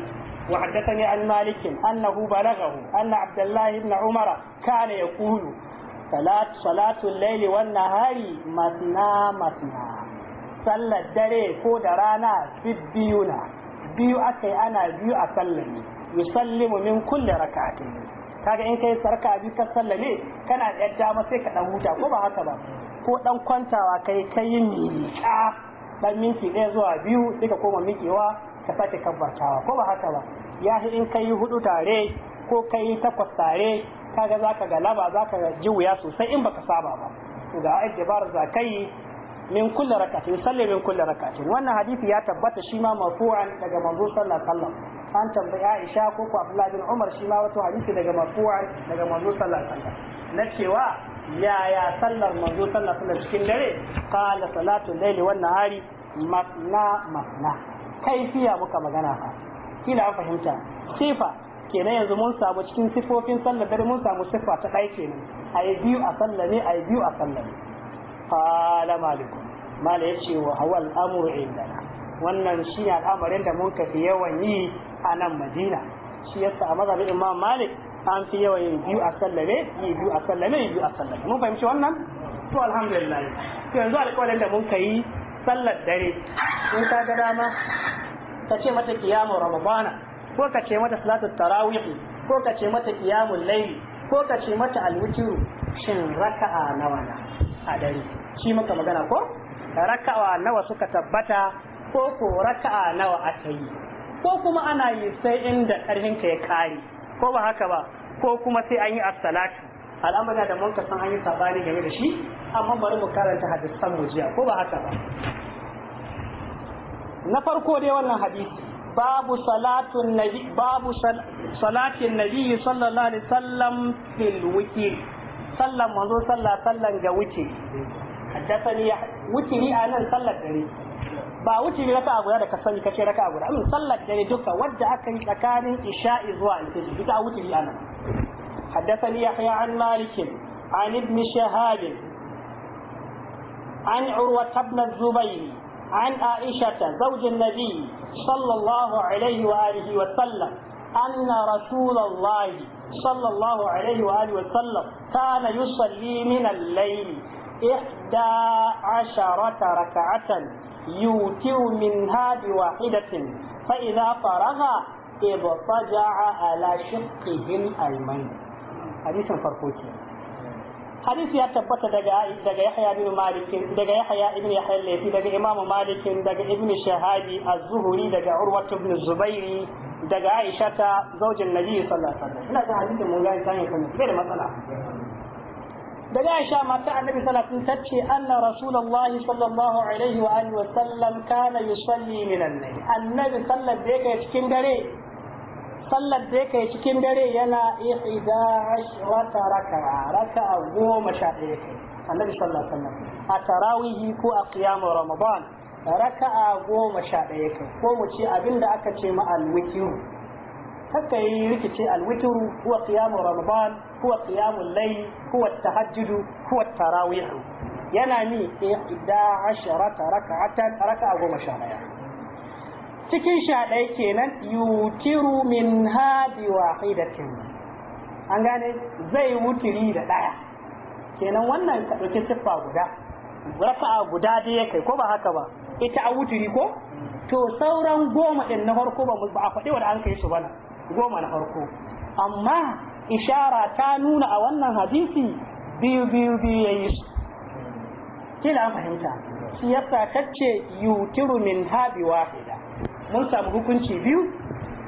wa haddathani an malik annahu balaghahu anna abdullahi ibn umar kana yaqulu salat salatu al-layli wan nahari masna masna sallar dare ko da rana bibiyuna biyu akai ana biyu a sallami yusallimu min kulli rak'atin kaga in kai sarka biyu ka ne? kana da dama sai ka dan huta ko ba haka ba ko dan kwantawa kai kai miƙa dan minti ɗaya zuwa biyu sai ka koma miƙewa ka sake kabbartawa ko ba haka ba ya shi in kai hudu tare ko kai takwas tare kaga zaka galaba zaka ji wuya sosai in baka saba ba ga ajibar zakai min kulli rakatin salli min kulli rakatin wannan hadisi ya tabbata shi ma marfu'an daga manzo sallallahu alaihi wasallam an tambayi Aisha ko ko Abdullah bin Umar shi ma wato hadisi daga marfu'an daga manzo sallallahu alaihi wasallam na cewa yaya sallar manzo sallallahu alaihi wasallam cikin dare qala salatu layli wan nahari matna matna kaifiya muka magana fa kila an fahimta sifa kenan yanzu mun samu cikin sifofin sallar dare mun samu sifa ta ɗaya kenan a yi biyu a sallar ne a yi biyu a sallar ne qala malikum malik yace wa hawal amru indana wannan shine al'amarin da mun ka fi yawan yi a nan madina shi yasa a mazhabin imam malik an fi yawan yi biyu a sallame yi biyu a sallame yi biyu a sallame mun fahimci wannan to alhamdulillah to yanzu alƙawarin da mun ka yi. sallar dare in ka ga dama ka ce mata kiyamu ramadana ko ka ce mata salatu tarawih ko ka ce mata kiyamul layl ko ka ce mata alwutiru shin raka'a nawa na a dare shi muka magana ko raka'a nawa suka tabbata ko ko raka'a nawa aka yi ko kuma ana yi sai inda karhin ka ya kare ko ba haka ba ko kuma sai an yi as-salatu al'amura da mun ka san an yi sabani game da shi amma bari mu karanta hadisan mu jiya ko ba haka ba na farko dai wannan hadisi babu salatun nabi babu salatin nabi sallallahu alaihi wasallam fil witr sallan manzo sallah sallan ga witr haddathani witri anan sallar dare ba witri raka abu da ka sani kace raka abu da mm, sallar dare duka wanda aka yi tsakanin isha'i zuwa alfajr duka witri anan حدثني يحيى عن مالك عن ابن شهاب عن عروة بن الزبير عن عائشة زوج النبي صلى الله عليه وآله وسلم أن رسول الله صلى الله عليه وآله وسلم كان يصلي من الليل إحدى عشرة ركعة يوتر منها بواحدة فإذا فرغ اضطجع على شقه الأيمن hadisin farko ke hadisi ya tabbata daga daga Yahya ibn Malik daga Yahya ibn Yahya al daga Imam Malik daga Ibn Shahabi az-Zuhri daga Urwa ibn Zubairi daga Aisha ta zaujin Nabi sallallahu alaihi wasallam ina ga hadisin mun ga sai kan bai da matsala daga Aisha mata Annabi sallallahu alaihi wasallam tace anna Rasulullahi sallallahu alaihi wa alihi wasallam kana yusalli min al-layl Annabi sallallahu alaihi wasallam cikin dare sallar da yake cikin dare yana ihida ashrata raka'a raka'a goma sha ɗaya kai annabi sallallahu alaihi wasallam a tarawihi ko a qiyam ramadan raka'a goma sha ɗaya kai ko mu ce abinda aka ce ma alwitiru haka yi rikice alwitiru ko qiyam ramadan ko qiyam al-layl huwa tahajjud a tarawih yana ni ihida ashrata raka'atan raka'a goma sha ɗaya cikin sha ɗaya kenan yutiru min haidar kenan, an gane zai wutiri da ɗaya kenan wannan ka siffa guda rafa'a guda da ya kai ko ba haka ba ita a wutiri ko to sauran goma ɗin na farko ba a faɗi wanda an kai su ba goma na farko amma ishara ta nuna a wannan hadisi biyu biyu biyu ya yi su kila fahimta shi yasa tacce yutiru min habi wahida mun samu hukunci biyu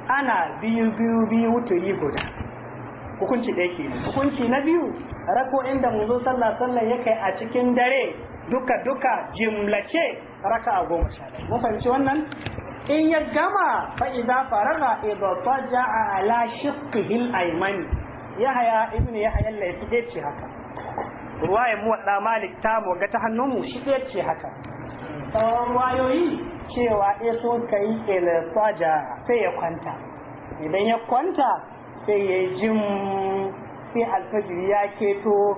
ana biyu biyu biyu wuturi guda hukunci ɗaya ke hukunci na biyu rako inda mun zo sallah sallah ya kai a cikin dare duka duka jimlace raka a goma sha ɗaya mun fahimci wannan in ya gama fa idza faraga idza ja'a ala shiqqihi Yahaya yahya ibnu yahya al-laythi ce haka mu muwadda malik ta mu ga ta hannun mu shi ce haka tsawon wayoyi cewa ya so ka yi elefaja sai ya kwanta idan ya kwanta sai ya jin sai alfajiri ya keto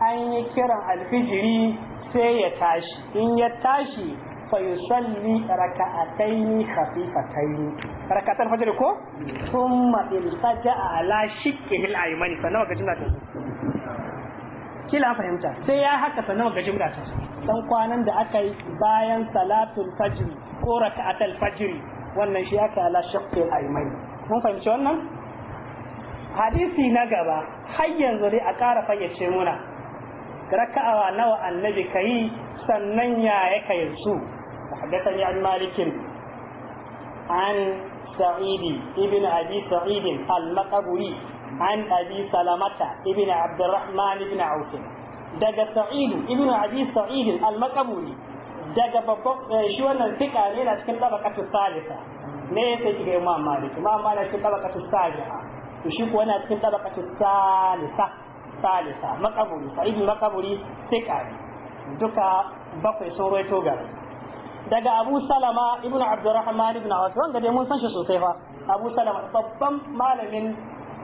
an yi kiran alfijiri sai ya tashi in ya tashi salli, fa fayusalli raka'ataini raka ta fajr ko mm. thumma a ala shikkihi mani sannan wakacin na tafi. kila fahimta sai ya haka sannan ga jimla ta dan kwanan da aka yi bayan salatul fajr ko raka'atul fajr wannan shi aka ala shaqqil aymani mun fahimci wannan hadisi na gaba har yanzu dai a ƙara fayyace muna raka'a nawa annabi kai sannan ya yake yanzu حدثني عن مالك عن سعيد ابن أبي سعيد المقبري an abi salamata ibn abdurrahman ibn auf daga sa'id ibn abi sa'id al-maqbuli daga babban shi wannan fika ne na cikin tabaqatu salisa ne yake cikin imam malik imam malik cikin tabaqatu salisa to shi kuwa na cikin tabaqatu salisa salisa maqbuli sa'id maqbuli fika duka bakwai sun daga abu salama ibn abdurrahman ibn auf wanda dai mun san sosai fa abu salama babban malamin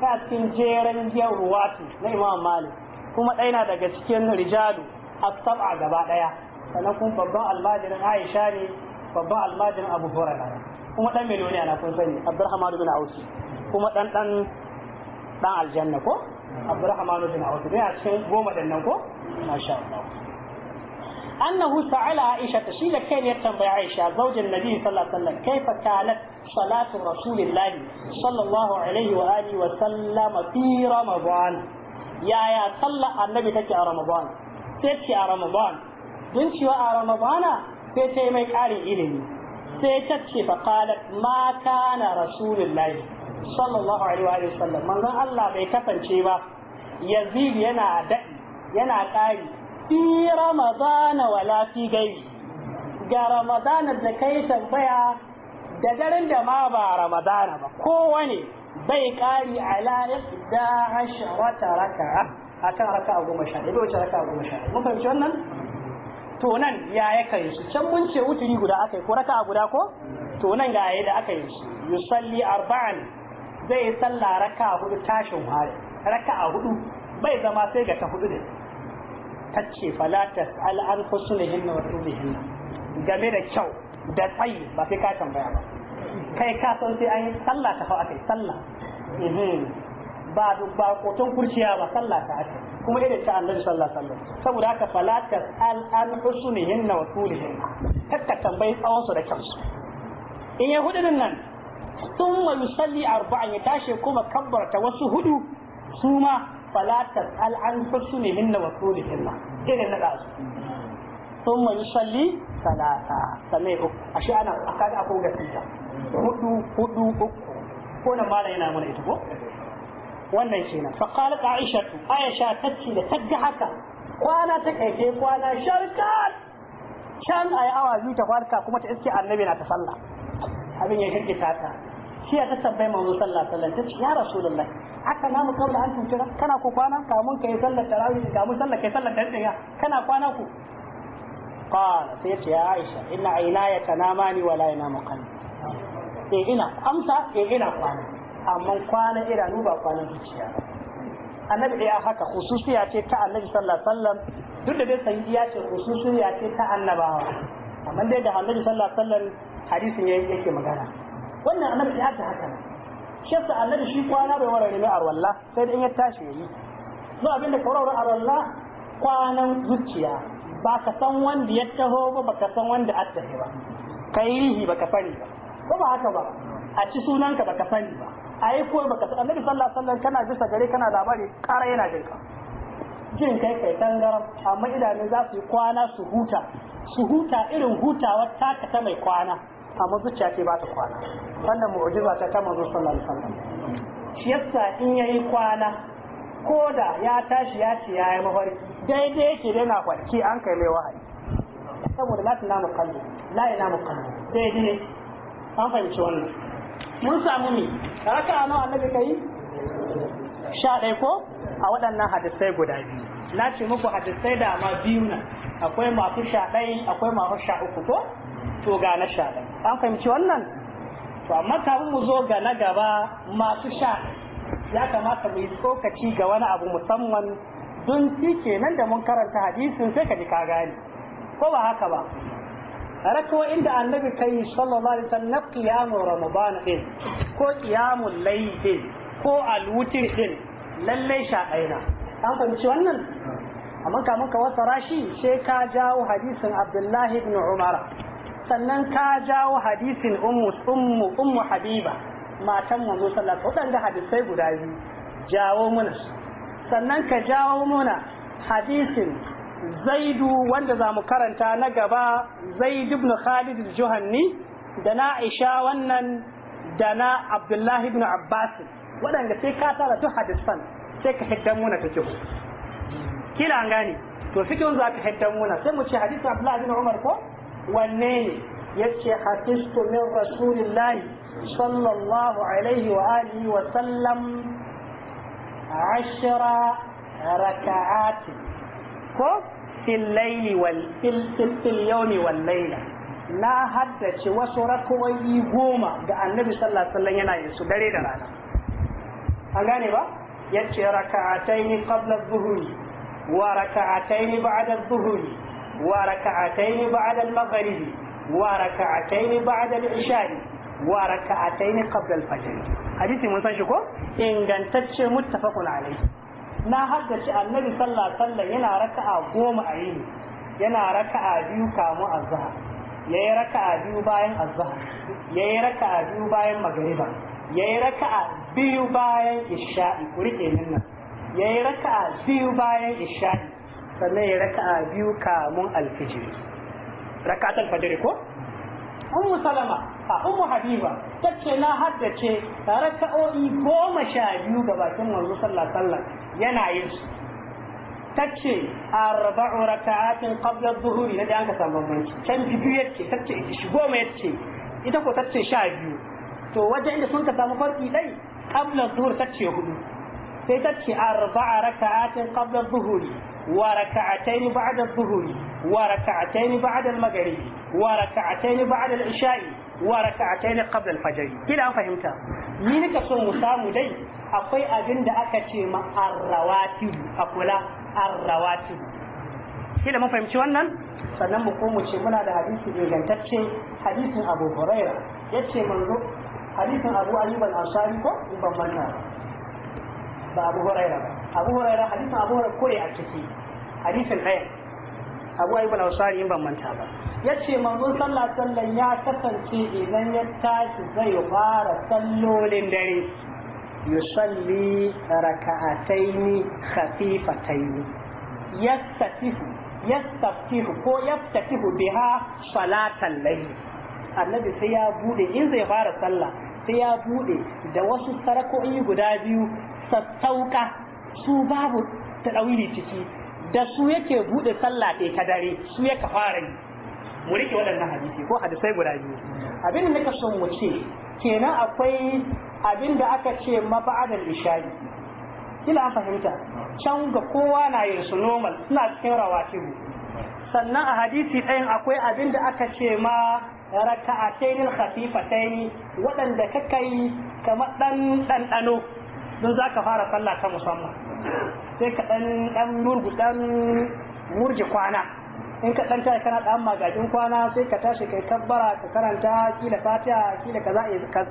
yana cikin jeren giyar ruwatu na imam malik kuma ɗaya na daga cikin rijalu a saba gaba ɗaya sannan kuma babban almajirin aisha ne babban almajirin abu hurairah kuma ɗan miliyoniya na kun sani abdurrahman bin ausi kuma ɗan ɗan ɗan aljanna ko abdurrahman bin ausi ne a cikin goma ɗin nan ko masha Allah annahu sa'ala aisha ta shi da kai ne tambaya aisha zaujin nabi sallallahu alaihi wasallam kaifa kanat salatu rasulillahi sallallahu alaihi wa wa sallama fi ramadan yaya sallar annabi take a ramadan sai ce a ramadan don cewa a ramadana sai ta mai ƙarin ilimi sai ta ce fa qalat ma sallallahu alaihi wa sallam Allah bai kasance ba yazid yana daɗi yana ƙari fi ramadana wala fi gairi ga ramadana da kai tambaya da garin da ma ba ramadana ba kowane bai kari ala da asharata raka'a akan raka'a goma sha ɗaya wacce raka'a goma sha mun fahimci wannan to nan ya ya kai shi can mun ce wuturi guda akai ko raka'a guda ko to nan ga yayi da aka yi shi yusalli arba'an zai salla raka'a hudu tashin hari raka'a hudu bai zama sai ga ta hudu ne ce tacce fala tas'al an husnihin wa tulihin game da kyau da tsayi ba sai ka tambaya ba kai ka san sai an yi sallah ta fa akai sallah ba ba koton kurciya ba sallah ta akai kuma irin ta annabi sallah alaihi saboda haka fala tas'al an husnihin wa tulihin kakka tambayi tsawon su da kyau su in ya hudu nan sun yusalli arba'an ya tashi kuma kabbarta wasu hudu su ma fala tas'al an husnihinna wa qulihinna irin na kasu thumma shalli salata same uku shi ana akaga akwai gasita hudu hudu uku ko na mara yana mana ita ko wannan na fa qalat aisha aisha tace da ga haka kwana ta kaice kwana sharkat can a yi awa biyu ta farka kuma ta iske annabi na ta sallah abin ya kirkita ta shi ya tabbai mamu sallallahu ya aka namu kana ku kwana kamun kai sallar tarawih kamun kai sallar dare kana kwana ku qala sai ce ya aisha inna aynaya tanamani wa eh, ina amsa eh, ina kwana amma kwana idanu ba kwanan zuciya annabi ya haka khususiya ce ta annabi sallallahu alaihi duk da dai sayyidiya ce khususiya ce ta annabawa amma dai da annabi sallallahu alaihi wasallam hadisin yake magana wannan annabi ya ta haka shi yasa annabi shi kwana bai wara rimi arwalla sai da in ya tashi yayi zo abin da kawar arwalla kwanan zuciya ba ka san wanda ya taho ba ba ka san wanda a tafi ba kai rihi ba ka sani ba ko ba haka ba a ci sunanka ba ka sani ba a yi kuwa ba ka sani annabi sallallahu alaihi wasallam kana bisa gare kana labari ƙara yana ka jin kai kai tangaram amma idanun za su yi kwana su huta su huta irin hutawar taka ta mai kwana amma zuciya ce ba ta kwana wannan mu'jiza ta ta manzo sallallahu alaihi wasallam shi yasa in yayi kwana ko da ya tashi ya ce yayi mafarki daidai yake dai na farki an kai mai wahayi saboda la ta namu kallu la ya namu kallo daidai an fahimci wannan mun samu mi raka'a nawa annabi kai sha dai ko a waɗannan hadisai guda biyu na ce muku hadisai da ma biyu na akwai masu sha ɗaya akwai masu sha uku ko to ga na sha ɗan an fahimci wannan to amma kafin mu zo ga na gaba masu sha ya kamata mu yi tsokaci ga wani abu musamman don shi kenan da mun karanta hadisin sai ka ji ka gane ko ba haka ba rako inda annabi yi sallallahu alaihi wasallam na qiyamu ramadan din ko qiyamul layl din ko alwutir din lalle sha aina an fahimci wannan amma kamar ka wasa rashi sai ka jawo hadisin abdullahi ibn umara sannan ka jawo hadisin ummu ummu ummu habiba matan manzo sallallahu alaihi wasallam hadisai guda biyu jawo muna sannan ka jawo muna hadisin zaidu wanda za mu karanta na gaba zaid ibn khalid al-juhanni da na aisha wannan da na abdullahi ibn abbas waɗanda sai ka tara duk hadisan sai ka hidda muna ta ku kila an gane to fikihun za ka hidda muna sai mu ce hadisin abdullahi ibn umar ko wanne ne yace hafistu min rasulillahi sallallahu alaihi wa alihi wa sallam ashira raka'ati ko fil laili fil fil yawmi wal laila na haddace wasu rakawai goma ga annabi sallallahu alaihi wasallam yana yin su dare da rana an gane ba Ya yace raka'ataini qabla adh-dhuhri wa raka'ataini ba'da adh-dhuhri وركعتين بعد المغرب وركعتين بعد العشاء وركعتين قبل الفجر حديث من سنشكو إن كانت متفق عليه na haddace annabi sallah sallah yana a goma a yini yana raka'a biyu kamu azhar yayi raka'a biyu bayan azhar yayi raka'a biyu bayan magriba yayi raka'a biyu bayan isha'i ku rike min nan yayi raka'a biyu bayan sannan ya a biyu kamun alfijiri raka'at alfajiri ko ummu salama a ummu habiba ta ce na haddace raka'o'i goma sha biyu ga bakin wanzu sallallahu alaihi yana yin su ce arba'u raka'atin qabla adh-dhuhri na da an ka samu bambanci can biyu yace tace shi goma yace ita ko ce sha biyu to wajen inda sun ka samu farki dai qabla adh ta ce hudu sai ta ce arba'a raka'atin qabla adh-dhuhri وركعتين بعد الظهر وركعتين بعد المغرب وركعتين بعد العشاء وركعتين قبل الفجر كده فهمت ni nika so mu samu dai akwai abinda aka ce ma arrawatibu a kula arrawatibu kila fahimci wannan sannan mu ko mu ce muna da hadisi ingantacce hadisin Abu Huraira yace manzo hadisin Abu Ayyub al-Ansari ko ban manta ba Abu Huraira ba abu hurairah hadisin abu hurairah kore a ciki hadisin ɗaya abu ayyukan ausari in ban manta ba ya ce manzon sallah sallan ya kasance idan ya tashi zai fara sallolin dare yusalli raka'ataini khafifataini yastatifu yastatifu ko yastatifu biha salatan layl annabi sai ya bude in zai fara sallah sai ya bude da wasu sarako'i guda biyu sassauka su babu ɗauri ciki da su yake buɗe sallah ta ka dare su ka fara yi mu rike waɗannan hadisi ko sai guda biyu abin da nake son mu kenan akwai abin da aka ce mabadal ishari kila an fahimta can ga kowa na yin su normal suna cikin rawatibu sannan a hadisi ɗayan akwai abin da aka ce ma raka'atayn khafifatayn waɗanda kakai kamar dan ɗanɗano don za ka fara sallah ta musamman sai ka dan dan murgu dan murje kwana in ka dan tashi kana dan magajin kwana sai ka tashi kai kabbara ka karanta kila fatiha kila kaza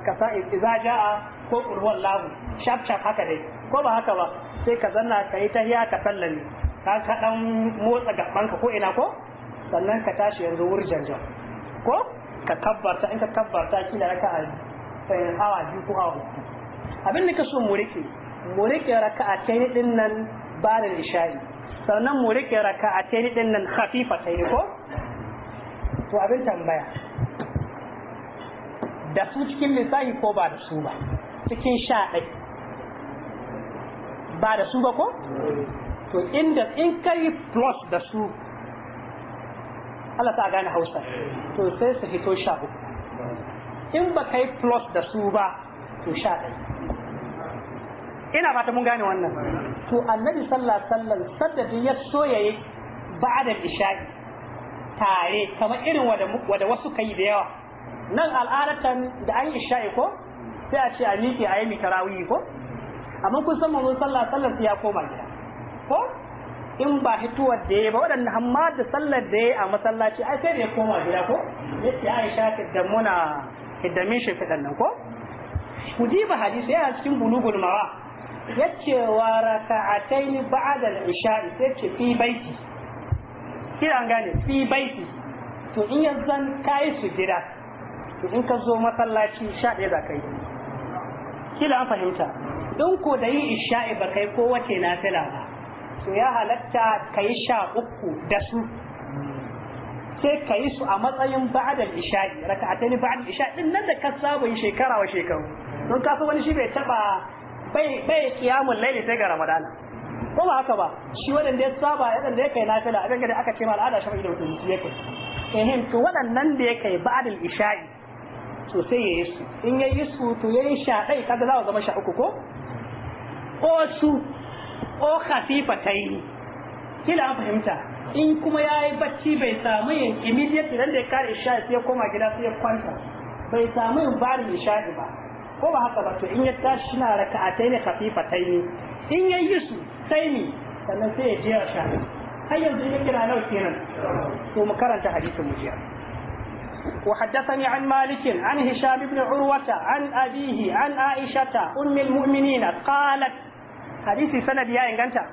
ka sa iza jaa ko qul huwallahu shaf shaf haka dai ko ba haka ba sai ka zanna kai tahiya ka sallani ka ka dan motsa gaban ka ko ina ko sannan ka tashi yanzu wurjan jan ko ka kabbarta in ka kabbarta kila raka'a eh, awa biyu ko awa uku abin da ka so mu rike mu a raka'atayn din nan ba'da nishaɗi? sannan mu a raka'atayn din nan khafifatayn ko to abin tambaya da su cikin lissahi ko ba da su ba cikin sha ba da su ba ko to inda in kai plus da su Allah ta gane hausa to sai su fito sha in ba kai plus da su ba to sha ina fata mun gane wannan to annabi sallallahu alaihi wasallam saddadin ya soyaye ba'da isha'i tare kamar irin wada wada wasu kai da yawa nan al'adatan da an isha'i ko sai a ce a miƙe a yi mi tarawih ko amma kun san manzon sallallahu alaihi wasallam ya koma gida ko in ba hituwar da ya ba waɗanda amma da sallar da ya a masallaci ai sai da ya koma gida ko ya ce aisha hiddamuna hiddamin shi fiɗan nan ko ku diba hadisi yana cikin bulugul mawa yace wa raka'ataini ba'da al-isha'i sai fi baiti an gane fi baiti to in yanzu kai su gida to in ka zo masallaci sha ɗaya za ka yi kila an fahimta don ko da yi isha'i ba kai ko wace na fila ba to ya halatta ka yi sha uku da su sai ka yi su a matsayin ba'adar isha'i raka'atai ni ba'adal isha'i din nan da ka saba yi shekara wa shekaru don ka wani shi bai taba bai bai kiyamun laili sai ga ramadana ko ba haka ba shi wadanda ya saba ya dan da yake nafila abin da aka ce ma al'ada shafi da mutum shi yake eh to wadannan da yake ba'dal isha'i to sai ya yi su in ya yi su to ya yi sha ɗai kaga za zama sha uku ko o su o khasifa ta yi kila an fahimta in kuma ya yi bacci bai samu yin immediate idan da ya kare isha sai ya koma gida sai ya kwanta bai samu yin barin isha'i ba ko ba haka ba to in ya tashi shi na raka'atai ne khafifatai ne in ya yi su sai ne sannan sai ya jera sha har yanzu ya kira nau kenan to mu karanta hadisin mu jiya وحدثني عن مالك عن هشام بن عروة عن أبيه عن عائشة أم المؤمنين قالت حديث سند يا إنجنتا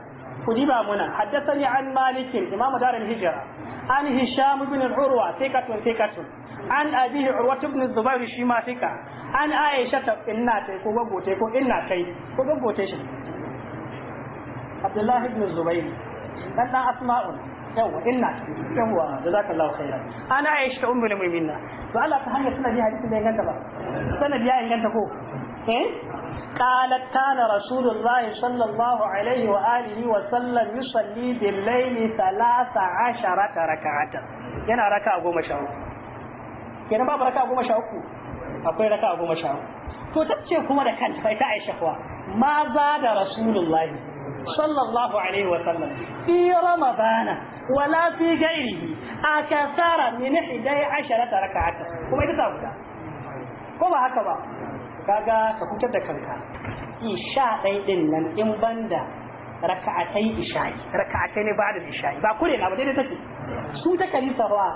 كذب منا حدثني عن مالك إمام دار الهجرة an hisham ibn urwa thiqatun tun an abihi urwa ibn zubair shi ma ka an aisha ta inna tai ko gogote ko inna kai ko gogote shi abdullahi ibn zubair dan dan asma'un yawa inna yawa jazakallahu khairan ana aisha ummul mu'minin to Allah ta hanyar sanadi hadisi da ya ganta ba sanadi ya ganta ko eh قالت كان رسول الله صلى الله عليه وآله وسلم يصلي بالليل ثلاث عشرة ركعة ينا ركعة أبو مشاو ينا باب ركعة أبو مشاو أقول ركعة أبو مشاو to ta ce kuma da kanta bai ta aisha kuwa ma za da rasulullahi sallallahu alaihi wa sallam fi ramadana wala fi a kasara 11 raka'ata kuma ita ta guda ko ba haka ba kaga ka fitar da kanka isha ɗai ɗin nan in banda raka'atai isha'i raka'atai ne ba'da isha'i ba kure na ba daidai take su ta kalisa ruwa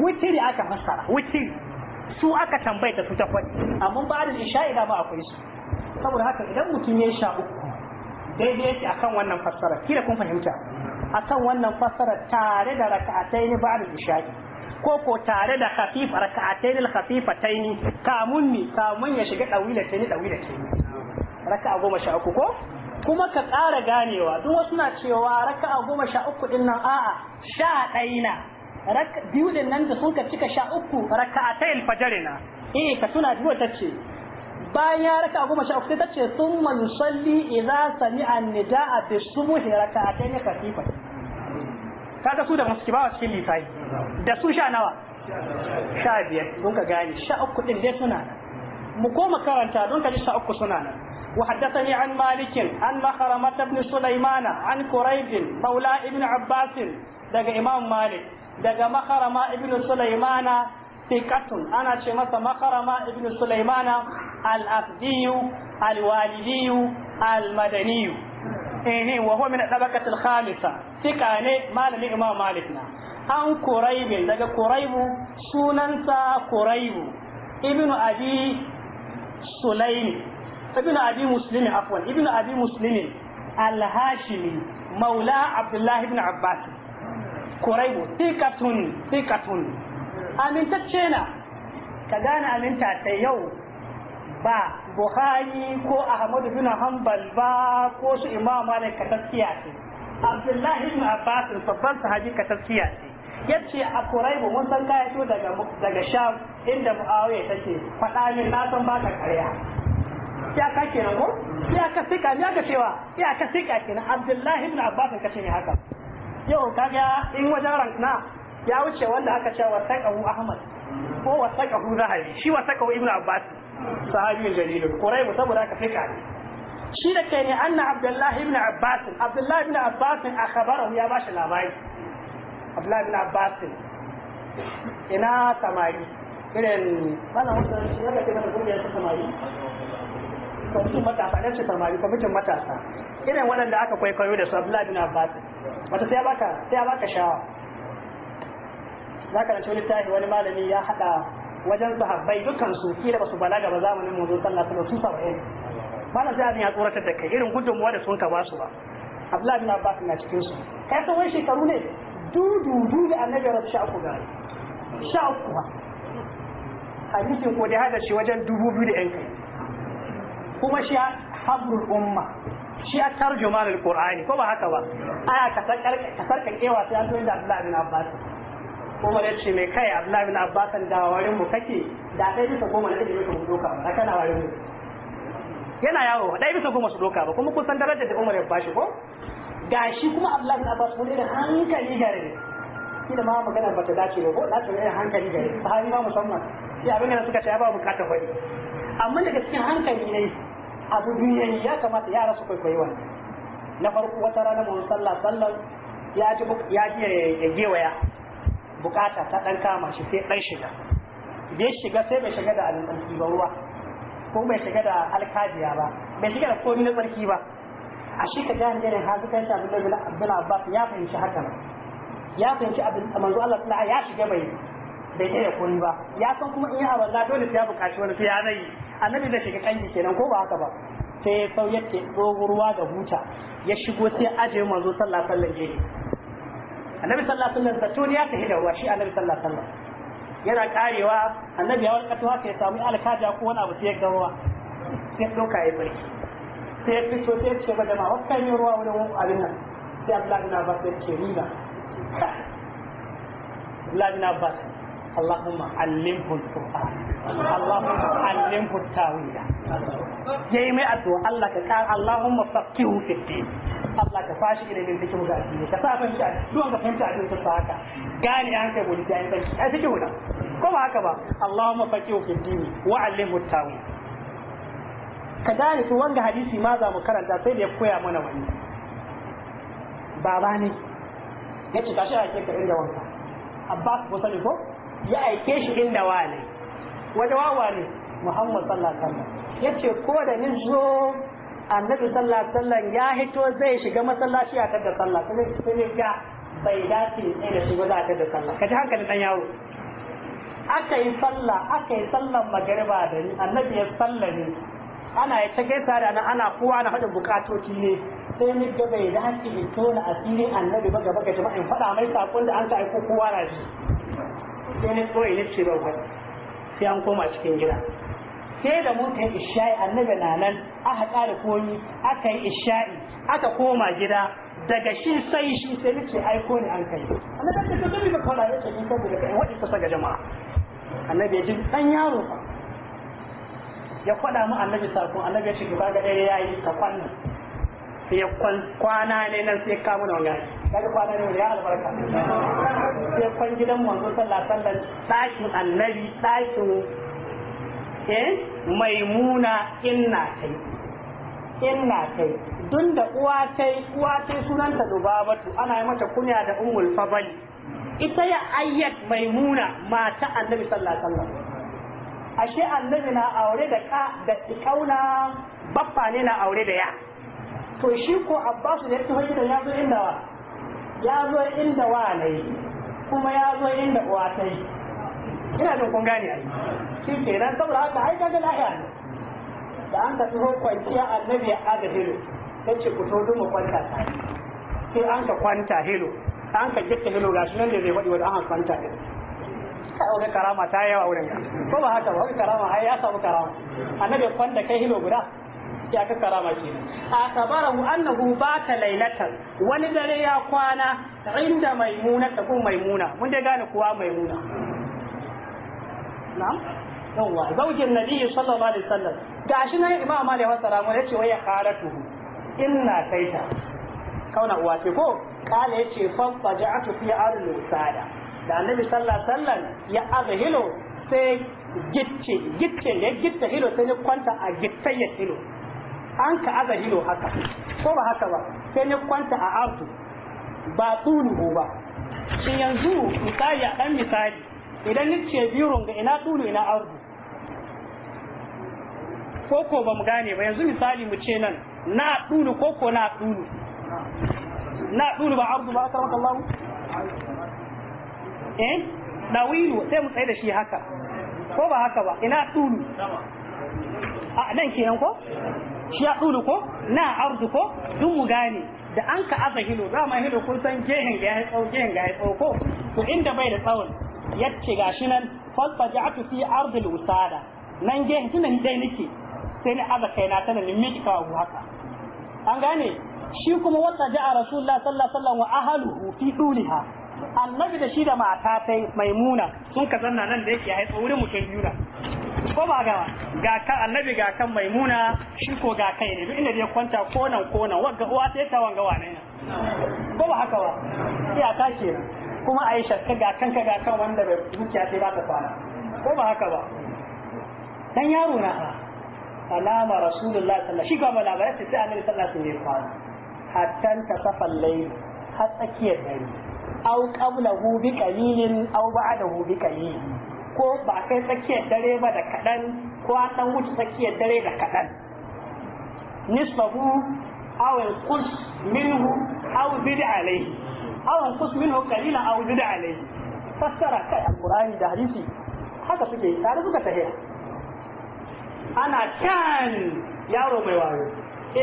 wutiri aka fassara wutiri su aka tambaye ta su ta kwai amma ba'da isha'i da ba akwai su saboda haka idan mutum ya sha uku daidai yake akan wannan fassara kira kun fahimta akan wannan fassara tare da raka'atai ne ba'da isha'i ko ko tare da khafif raka'atayn al-khafifatayn kamun ne, kamun ya shiga dawilatayn dawilatayn raka'a goma sha uku ko kuma ka ƙara ganewa duk wasu na cewa raka'a goma sha uku din nan a'a sha ɗaya na biyu din nan da sun ka cika sha uku raka'atayn al-fajr na eh ka tuna biyu ta ce bayan ya raka goma sha uku ta ce sun man yusalli idza sami'a nida'a bi subhi raka'atayn khafifatayn kaga su da suke ba cikin lisai da su sha nawa sha biyar don ka gane sha uku din dai suna mu koma karanta don ka ji sha uku suna nan وحدثني عن مالك عن مخرمة بن سليمان عن كريب مولى ابن عباس دقى إمام مالك دقى مخرمة ابن سليمان ثقة أنا شمس مخرمة ابن سليمان الأفدي الوالدي المدني eh wa huwa min tabaqatil khamisa tika ne malami imam malik na an quraib daga quraib sunansa quraib ibnu abi sulaimi ibnu abi muslim afwan ibnu abi muslim al-hashimi maula abdullah ibn abbas quraib tikatun tikatun amintacce na ka gane aminta ta yau ba bukhari ko ahmad bin hanbal ba ko su imam malik ka taskiya ce abdullahi bin abbas babban sahabi ka taskiya ce yace a quraibu mun san kai to daga daga sham inda muawiya take fada min na san ba ka ƙarya ya ka kenan ko ya ka sika ya ka cewa ya ka sika kenan abdullahi bin abbas ka ce haka yau kaga in wajen rankna ya wuce wanda aka cewa wasaqahu ahmad ko wasaqahu Zahiri shi wasaqahu ibn abbas sahabiyul jalilul quraibu saboda ka fika ka shi da kai ne anna abdullahi ibn abbas abdullahi ibn abbas a akhbarahu ya ba shi labari abdullahi ibn abbas ina samari irin bana wannan shi ya kace mana gurbiyar samari kwamitin matasa ɗan ce samari kwamitin matasa irin waɗanda aka kwaikwayo da su abdullahi ibn abbas wata sai baka sai baka shawa zaka da wani tahi wani malami ya hada wajen sahabbai dukkan su kila basu balaga ba zamanin manzo sallallahu alaihi wasallam su saba'in malam sai abin ya tsoratar da kai irin gudunmuwa da sun ka ba su ba Abdullahi bin Abbas na cikin su kai san wai shekaru ne dudu da annabi rasu sha uku gari sha uku ba hadisin ko dai hada shi wajen dubu biyu da yan kai kuma shi habrul umma shi a tarjuman alqur'ani ko ba haka ba aya ka sarkan kewa sai an zo inda Abdullahi bin Abbas kuma ya ce mai kai Allah bin Abbasan da warin mu kake da kai bisa goma da kake mu doka ba kana warin mu yana yawo dai bisa goma su doka ba kuma kun san darajar da Umar ya bashi ko gashi kuma Allah bin Abbas wani da hankali gare ne da ma magana ba ta dace ba ko na ce ne hankali gare ni sahabi ba musamman sai abin da suka ce ba bukatar wani amma daga cikin hankali ne abu duniyayi ya kamata yara su kwaikwayi wannan na farko wata rana mun sallah sallan ya ji ya ji ya gewaya bukata ta dan kama shi sai dan shiga bai shiga sai bai shiga da abin ba ruwa ko bai shiga da alkajiya ba bai shiga da komai na tsarki ba a shi ka gane irin kan shi abin da abin abbas ya fahimci haka nan ya fahimci abin manzo Allah ta'ala ya shiga bai bai iya koyi ba ya san kuma in ya awalla dole sai ya bukaci wani sai ya zai annabi da shiga kanki kenan ko ba haka ba sai ya sau ya ruwa da huta ya shigo sai ajiye manzo sallah sallan jeji annabi sallallahu alaihi wasallam zato ya tafi da shi annabi sallallahu alaihi wasallam yana karewa annabi ya warka tuwa sai samu alkaja ko wani abu sai ya ga sai ya dauka ya barki sai ya fito sai ya ce ba jama'a wakka ne ruwa wani abin nan sai Abdullahi ibn ba sai ke riba Abdullahi ba sai اللهم علمه القرآن اللهم علمه التاويل yayi mai addu'a Allah ka kar Allahumma faqihu din Allah ka fashi ilimin da kimu da addini ban shi addu'a ka fahimta addini ta haka an kai gudu da ban shi ai take wuta ko ba haka hadisi ma za mu karanta sai da ya koya mana wani baba ne wanka ko ya aike shi inda wane wani wawa ne muhammad sallallahu alaihi wasallam ce ko da ni zo annabi sallallahu alaihi wasallam ya hito zai shiga masallaci a kada sallah sai ne ga bai dace sai da shigo za da sallah kaji hankali dan yawo aka yi sallah aka yi sallan magariba da ni annabi ya ne ana ya ta gaisa da ana kowa na faɗin bukatoci ne sai ni ga bai dace in tona asirin annabi ba gaba ga jama'a in faɗa mai sakon da an ka aiko kowa na shi sai na kawai na ce ban sai an koma cikin gida sai da mun kai isha'i annabi na nan aka kare komi aka yi isha'i aka koma gida daga shi sai shi sai na ce aiko ne an kai annabi ta zuri ba kawai ya ce ni saboda kai wadi ta ga jama'a annabi ya ji san yaro fa ya kwada mu annabi sakon annabi ya ce gaba ga ɗaya yayi ka kwanna sai ya kwana ne nan sai ka na wani kaga kwana ne ya albarka sai kwan gidan manzo sallallahu alaihi wasallam ɗakin annabi ɗakin eh maimuna inna kai inna kai dun da uwa tai uwa tai sunanta lubabatu ana yi mata kunya da ummul fabali ita ya ayyat maimuna mata annabi sallallahu alaihi wasallam ashe annabi na aure da ka da ikauna baffa ne na aure da ya to shi ko abbasu ne ta hanyar ya zo inda ya zo inda wa yi, kuma ya zo inda yi. ina jin kun gane ai shi kenan saboda haka ai kaga lahiya ne da an ka taho kwanciya annabi ya aga hilo ce ku to mu kwanta yi sai an ka kwanta hilo an ka gitta hilo gashi nan da zai faɗi wanda an kwanta hilo kai wani karama ta yawa wurin ka ko ba haka ba wani karama ai ya samu karama annabi kwanta kai hilo guda ya ka karama kenan a kabarahu annahu bata lailatan wani dare ya kwana inda maimuna ta kun maimuna mun dai gane kuwa maimuna na'am yawa zaujin nabiyyi sallallahu alaihi wasallam gashi nan imam mali wa salamu yace waya qaratu inna kaita kauna uwa ce ko kala yace fa faja'atu fi ardi sada da annabi sallallahu alaihi wasallam ya azhilo sai gitce gitce ne gitta hilo sai ne kwanta a gittayyar hilo an ka aza hilo haka ko ba haka ba sai ne kwanta a ardu ba ho ba shin yanzu misali a dan misali idan ni ce biro ga ina tsulu ina ardu koko ba mu gane ba yanzu misali mu ce nan na tsulu koko na tsulu na tsulu ba ardu ba akramaka Allah eh dawilu sai mu tsaye da shi haka ko ba haka ba ina tsulu a nan kenan ko shi ya ɗulu ko na arzu ko duk mu gane da an ka aza hilo mu hilo kun san gehen ga ya tsawo gehen ga ya tsawo ko to inda bai da tsawon yace gashi nan falfa ja'atu fi ardil usada nan gehen tunan dai nake sai ni aza kaina tana ni miki kawo haka an gane shi kuma wata ja'a rasulullah sallallahu alaihi wa ahluhu fi duliha annabi da shi da mata tai maimuna sun ka zanna nan da yake haifo wurin mutum biyu ko ba ga ga ka annabi ga kan maimuna shi ko ga kai ne inda ya kwanta ko nan ko nan wagga uwa sai ta wanga wa ne ko ba haka ba iya ta ke kuma Aisha ka ga kan ka ga kan wanda bai dukiya sai ba ta kwana ko ba haka ba dan yaro na alama rasulullahi sallallahu alaihi wasallam shi ga malabarai sai annabi sallallahu alaihi wasallam hatta ta safal layl har tsakiyar dare au qablahu bi qalilin au ba'dahu bi qalilin ko ba kai tsakiyar dare ba da kaɗan ko a ɗan wuce tsakiyar dare da kaɗan nisbahu awon kus minhu aw bid alayhi awon kus minhu qalila aw bid alayhi fassara kai alqur'ani da hadisi haka suke tare suka tahiya ana can yaro mai wayo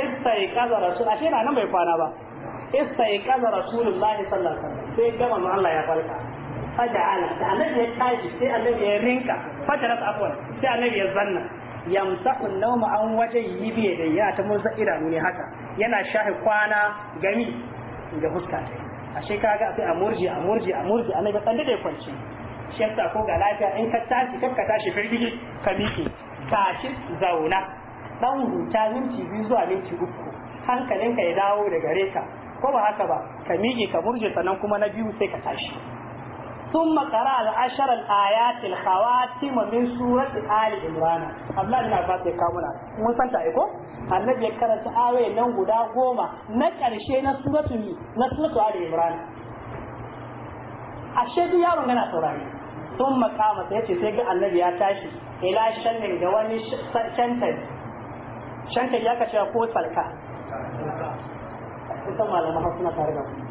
istai kaza rasul ashe na nan bai kwana ba istai kaza rasulullahi sallallahu alaihi wasallam sai gama Allah ya farka faja'ala da annabi ya tashi sai annabi ya rinka fajarat afwan sai annabi ya zanna yamsahu an waje yi biye da ya ta motsa idanu ne haka yana shahi kwana gami da huska ta ashe kaga sai a murji a murji a murji annabi kan da kwanci shi ta ko ga lafiya in ka tashi ka tashi firgigi ka miƙe tashi zauna dan huta minti biyu zuwa minti uku hankalinka ya dawo da gare ka ko ba haka ba ka miƙe ka murje sannan kuma na biyu sai ka tashi ثم قرأ العشر الآيات الخواتم من سورة آل عمران الله بن عباس يكامنا mun san ta aiko annabi ya karanta ayoyin nan guda goma na ƙarshe na suratu na suratu ali imran ashe yaron yana saurari sun makama sai ce sai ga annabi ya tashi ila shannin ga wani shantar shantar ya kace ko salka kusan malaman suna tare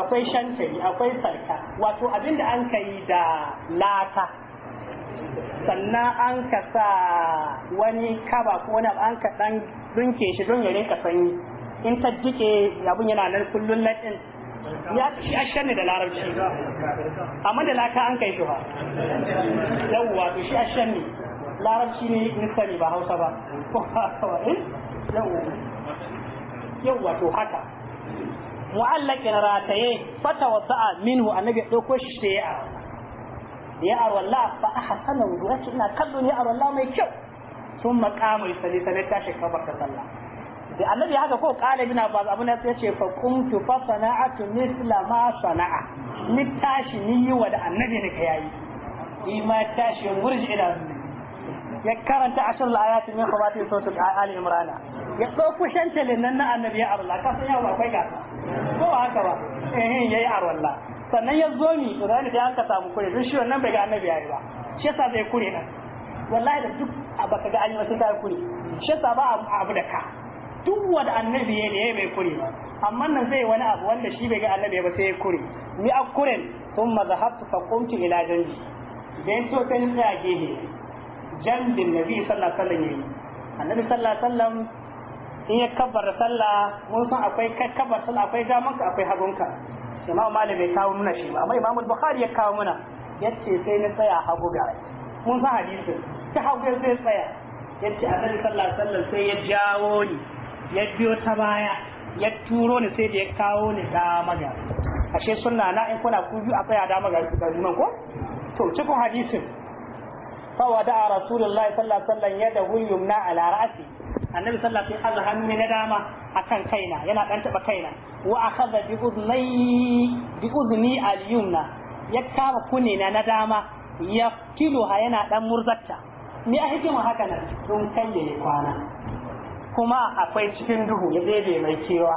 akwai shantari akwai sarka wato abin da an ka yi da lata sannan an ka sa wani kaba ko wani an ka dan dunke shi don ya rinka sanyi in ta jike abun yana nan kullun latin ya ci ashar ne da larabci amma da lata an kai shi ba yawwa to shi ashar ne larabci ne nisani ba hausa ba eh? yawwa yawwa to haka mu'allakin rataye fata wasa'a minhu annabi ɗauko shi sai ya ya arwalla fa ahsana wudu yace ina kallon ya arwalla mai kyau sun maqamu sani-sani ta shi kabar ta sallah da annabi haka ko kala bin ba abu na sai ce fa kuntu fa sana'atu misla ma sana'a ni tashi ni yi wa da annabi ne ka yayi ni ma tashi murji ila ya karanta ashir ayatin min khawatin suratul ali imrana ya dauko shantalin nan na annabi ya arwala ka ya yawa akwai gasa ko haka ba eh yayi arwala sannan ya zo ni zani da aka samu kure duk shi wannan bai ga annabi yayi ba shi yasa bai kure nan wallahi da duk baka ga annabi sai wasu ta kure shi yasa ba abu da ka duk wanda annabi ya ne bai kure ba amma nan zai wani abu wanda shi bai ga annabi ba sai ya kure ni akuren kuren sun fa qumtu ila janji dan to sai ya gehe jambin nabi sallallahu alaihi wasallam annabi sallallahu alaihi wasallam in ya kabbara sallah mun san akwai kai kabbar sallah akwai damanka akwai hagunka imamu malik bai kawo muna shi ba amma imamu bukhari ya kawo muna yace sai na tsaya hagu ga mun san hadisi ta hagu sai tsaya yace annabi sallallahu alaihi wasallam sai ya jawo ni ya biyo ta baya ya turo ni sai da ya kawo ni dama ga ashe sunna na in kuna ku biyu a tsaya dama ga ku ko to cikin hadisin fawa da a rasulun lai sallasallan yadda hulyum na al'arasi annabi sallasai haɗa hannu ne na dama a kan kaina yana ɗan taɓa kaina wa a kaza bi uzni al'yumna ya kama kune na na dama ya kilo ha yana ɗan murzatta ni a ma haka na cikin kanye ne kwana kuma akwai cikin duhu ya zai mai cewa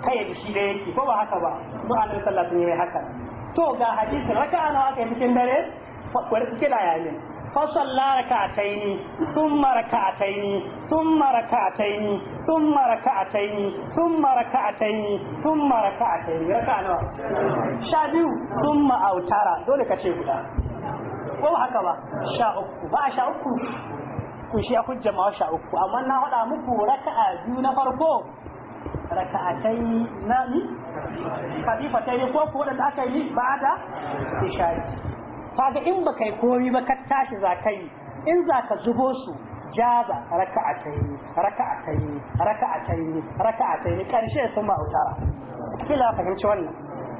kai ya shi da yake ko ba haka ba duk annabi sallasun yi mai haka to ga hadisin raka'a nawa kai cikin dare ko ko kila ya yi فصلى ركعتين ثم ركعتين ثم ركعتين ثم ركعتين ثم ركعتين ثم ركعتين ركعنا شاديو ثم أوتارا دولة كتير ko haka ba sha uku ba sha uku ku shi ku jama'a sha uku amma na haɗa muku raka'a biyu na farko raka'atai na ni kadifa tai ko ko da aka yi ba da ishari kaga in ba kai komi ba ka tashi za ka yi in za ka zubo su jaza raka a ta yi karshe sun ba utara kila fahimci wannan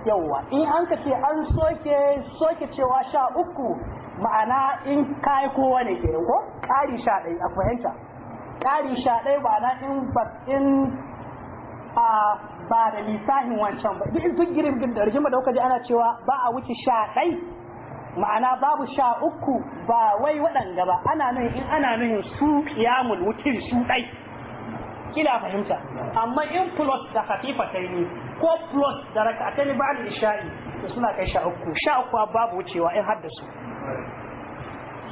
yawa in an ka ce an soke soke cewa sha uku ma'ana in yi kowa ne ke ko ƙari sha ɗaya a fahimta ƙari sha ɗaya ba na in ba in a ba da lisahin wancan ba duk girgin girin da rigima da kuka ji ana cewa ba a wuce sha ɗai ma'ana babu sha uku ba wai waɗanga ba ana nan in ana nuhin su kiyamul wutin su dai kila fahimta amma in plus da khatifa kai ne ko plus da ta ne ba'al isha'i to suna kai sha uku sha uku babu wucewa in har da su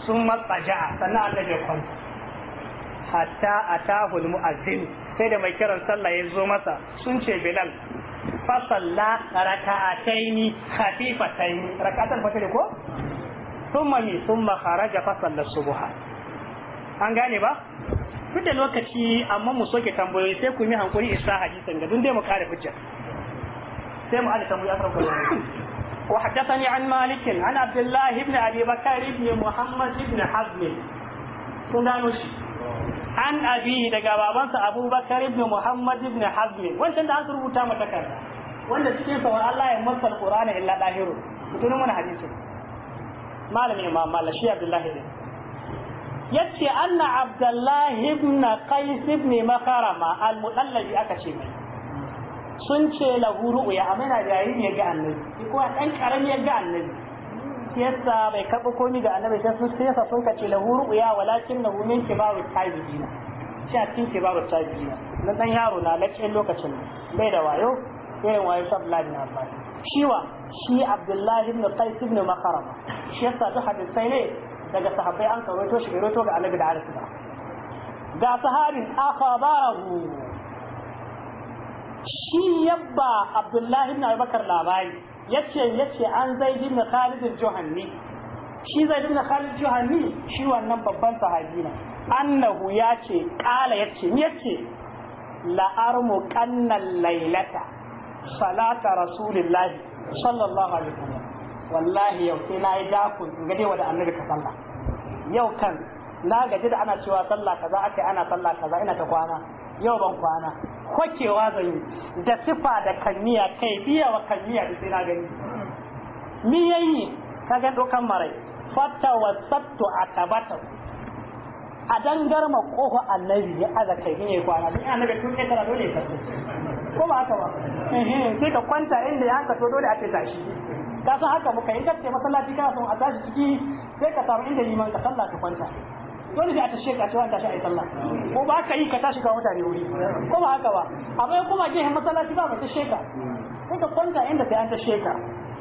sun matsa ja'a Allah ya kwanta hatta atahul mu'azzin sai da mai kiran sallah ya zo masa sun ce bilal fasalla raka'ataini khafifataini raka'atul fajr ko thumma mi thumma kharaja fasalla subha an gane ba duk da lokaci amma mu soke tambayoyi sai ku yi hankuri isa hadisin ga dun dai mu kare hujja sai mu ada tambayoyi akan kwallon وحدثني عن مالك عن عبد الله بن ابي بكر بن محمد بن حزم سنانوشي an abihi daga babansa abubakar ibn muhammad ibn hazmi wancan da an rubuta mata takarda wanda cikin sa wa Allah ya masa alqur'ana illa dahiru mutumin mun hadisi malamin imam malla shi abdullahi ibn yace anna abdullahi ibn qais ibn makarama al-mudallabi aka ce mai sun ce ya amina amana jariri ya ga annabi ko dan karami ya ga annabi zuciyarsa bai karɓi komi ga annabi sai sun sai sa sun kace lahu ya walakin nahu min kibaru tabi'ina shi a cikin kibaru tabi'ina na dan yaro na lace lokacin bai da wayo irin wayo sab ladin abbas shi wa shi abdullahi ibn qais ibn makaram shi yasa duk hadisi ne daga sahabbai an to shi roto ga annabi da arsu ba ga sahabin akhabarahu shi yabba abdullahi ibn abubakar labari yace yace an zaid ibn khalid al shi zaid ibn khalid al shi wannan babban sahabi ne annahu yace qala yace ni yace la armu qannal laylata salata rasulillahi sallallahu alaihi wasallam wallahi yau sai na yi dakun in gade wa annabi ka sallah yau kan na gaji da ana cewa sallah kaza ake ana sallah kaza ina ta kwana yau ban kwana kwakewa ga yi da sifa da kanniya kai biya wa kanniya da sai na gani mi yayi ka ga dokan marai fatta wa sattu atabata a dangar ma kofa annabi ya aza kai ne kwana duk annabi tun kai tara dole ya ko ba haka ba eh sai ka kwanta inda ya ka to dole a ce tashi ka san haka muka yi kace masallaci kana son a tashi ciki sai ka samu inda liman ka sallah ka kwanta dole sai a tashe ka cewa tashi ai sallah ko ba ka yi ka tashi ka mutane wuri ko ba haka ba amma kuma gehen masallaci ba ba tashe ka sai ka kwanta inda sai an tashe ka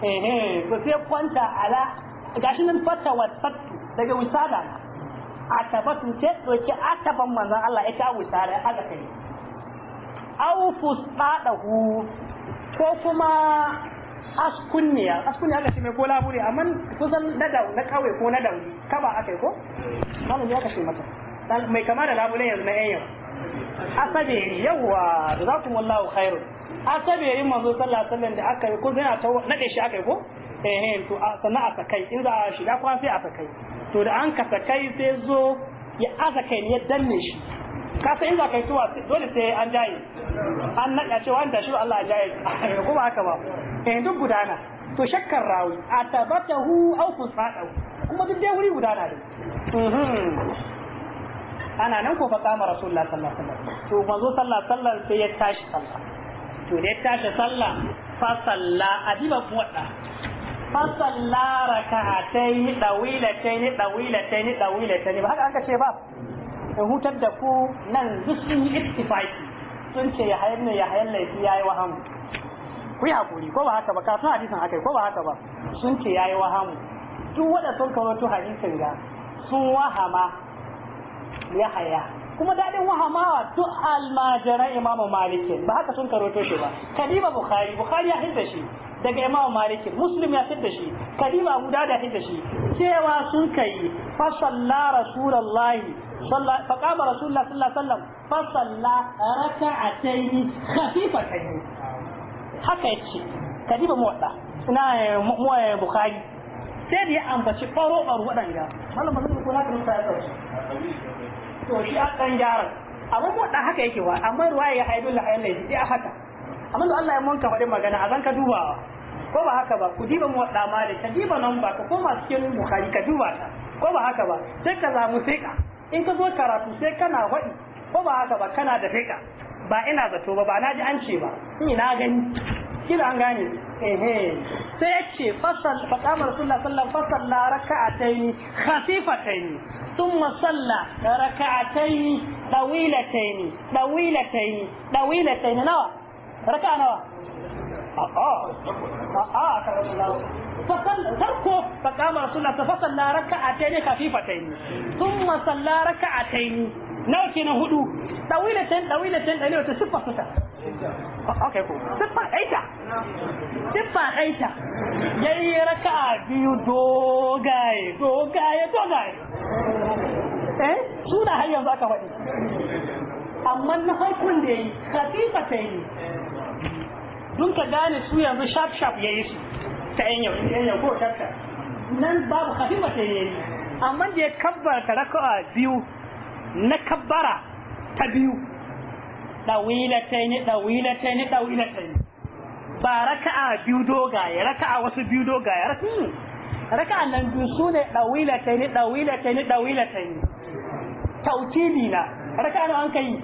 eh to sai kwanta ala gashi nan fata wa sattu daga wisada a atabatun ce a taban manzon Allah ita wisada haka kai au fustadahu ko kuma askunniya askunniya aka ce mai ko labure amma kusan na da na kawai ko na dauri aka yi ko malami aka ce mata mai kama da labule yanzu na yan yau asaberi yawa jazakumullahu khairun yayin manzo sallallahu alaihi wasallam da aka yi ko yana ta nade shi aka yi ko eh eh to sannan a sakai in za a shiga kwa sai a sakai to da an ka sakai sai zo ya aka kai ne ya danne shi ka sai in za ka yi tuwa dole sai an jaye an naɗa cewa an tashi Allah ya ko kuma haka ba eh duk gudana to shakkar rawi a aw fusadahu kuma duk dai wuri gudana ne uhm. ana nan ko fa kama rasulullah sallallahu alaihi wasallam to manzo sallallahu alaihi wasallam sai ya tashi sallah to da ya tashi sallah fa salla adiba kuwada fa salla rak'atayn dawilatayn dawilatayn dawilatayn ba haka an ce ba in hutar da ku nan zuci sun ittifaqi sun ce ya hayar ne ya hayar laifi ya yi wahamu ku yi hakuri ko ba haka ba ka sun hadisin haka ko ba haka ba sun ce ya yi wahamu duk wanda sun karoto hadisin ga sun wahama ya haya kuma daɗin wahamawa duk almajiran imamu malikin ba haka sun karoto shi ba kadima bukhari bukhari ya hidda shi daga imamu malikin muslim ya hidda shi kalima guda da fitar shi cewa sun kai fasalla rasulullahi فقام رسول الله صلى الله عليه وسلم فصلى ركعتين خفيفتين haka yace kadiba muwadda ina muwaye bukhari sai da ya ambaci faro baro wadanga malam bazan ko na kan sai to shi a kan gyara amma muwadda haka yake wa amma ruwaya ya haidul la hayal lazi ya haka amma Allah ya munka magana a zan ka dubawa ko ba haka ba ku diba muwadda Ka diba nan ba ka koma cikin bukhari ka duba ta ko ba haka ba sai ka zamu sai ka in ka zo karatu sai kana faɗi ko ba haka ba kana da fika ba ina zato ba ba na ji an ce ba ni na gani da an gane ehe sai ya ce fasal kama rasulullah sallallahu alaihi wasallam fasalla raka'atayn khafifatayn thumma salla raka'atayn tawilatayn tawilatayn tawilatayn nawa raka'a nawa a'a a'a karatu farko fa kama suna ta fasalla raka'atai ne kafifatai ne thumma salla ta ne nawa kenan hudu dawilatain dawilatain dai wata siffa suta okay ko siffa daita siffa daita yayi raka'a biyu dogaye dogaye dogaye eh suna har za ka faɗi amma na farkon da yayi ta ne dun ka gane su yanzu sharp sharp yayi su ta yan yau yan yau ko shakka nan babu khafifa ta yayi amma da ya ta raka'a biyu na kabbara ta biyu dawilataini ta dawilataini ba raka'a biyu dogaye raka'a wasu biyu dogaye rakin raka'a nan biyu su ne ta ta dawilataini ta dawilataini taukili na raka'a nan an kai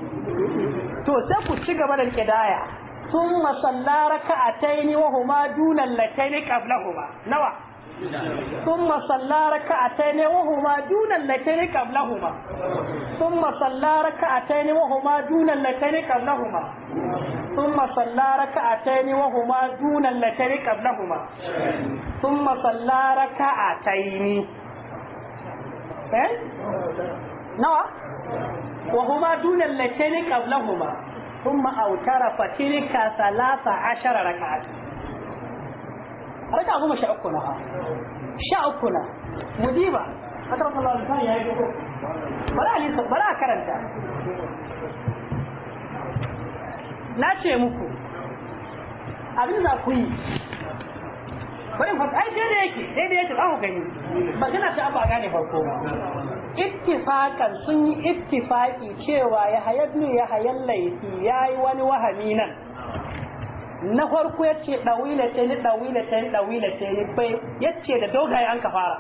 to sai ku ci gaba da kidaya ثم صلى ركعتين وهما دون اللتين قبلهما نوى ثم صلى ركعتين وهما دون اللتين قبلهما ثم صلى ركعتين وهما دون اللتين قبلهما ثم صلى ركعتين وهما دون اللتين قبلهما ثم صلى ركعتين إيه؟ نوى وهما دون اللتين قبلهما ثم أوتر فتلك ثلاث عشر ركعة ركعة هم شعبكنا شعبكنا مجيبة أترك الله الإنسان يا يجبه بلا ليس بلا كرنتا لا شيء مكو abin za ku yi bari fasa ai daidai yake daidai yake ba ku gani ba kana ta abu a gane farko ba ittifakan sun yi ittifaki cewa ya hayabnu ya hayan laifi ya yi wani wahami nan na farko ya ce ɗawila ce ni ɗawila ce ni ɗawila ce ni bai ya ce da dogaye an ka fara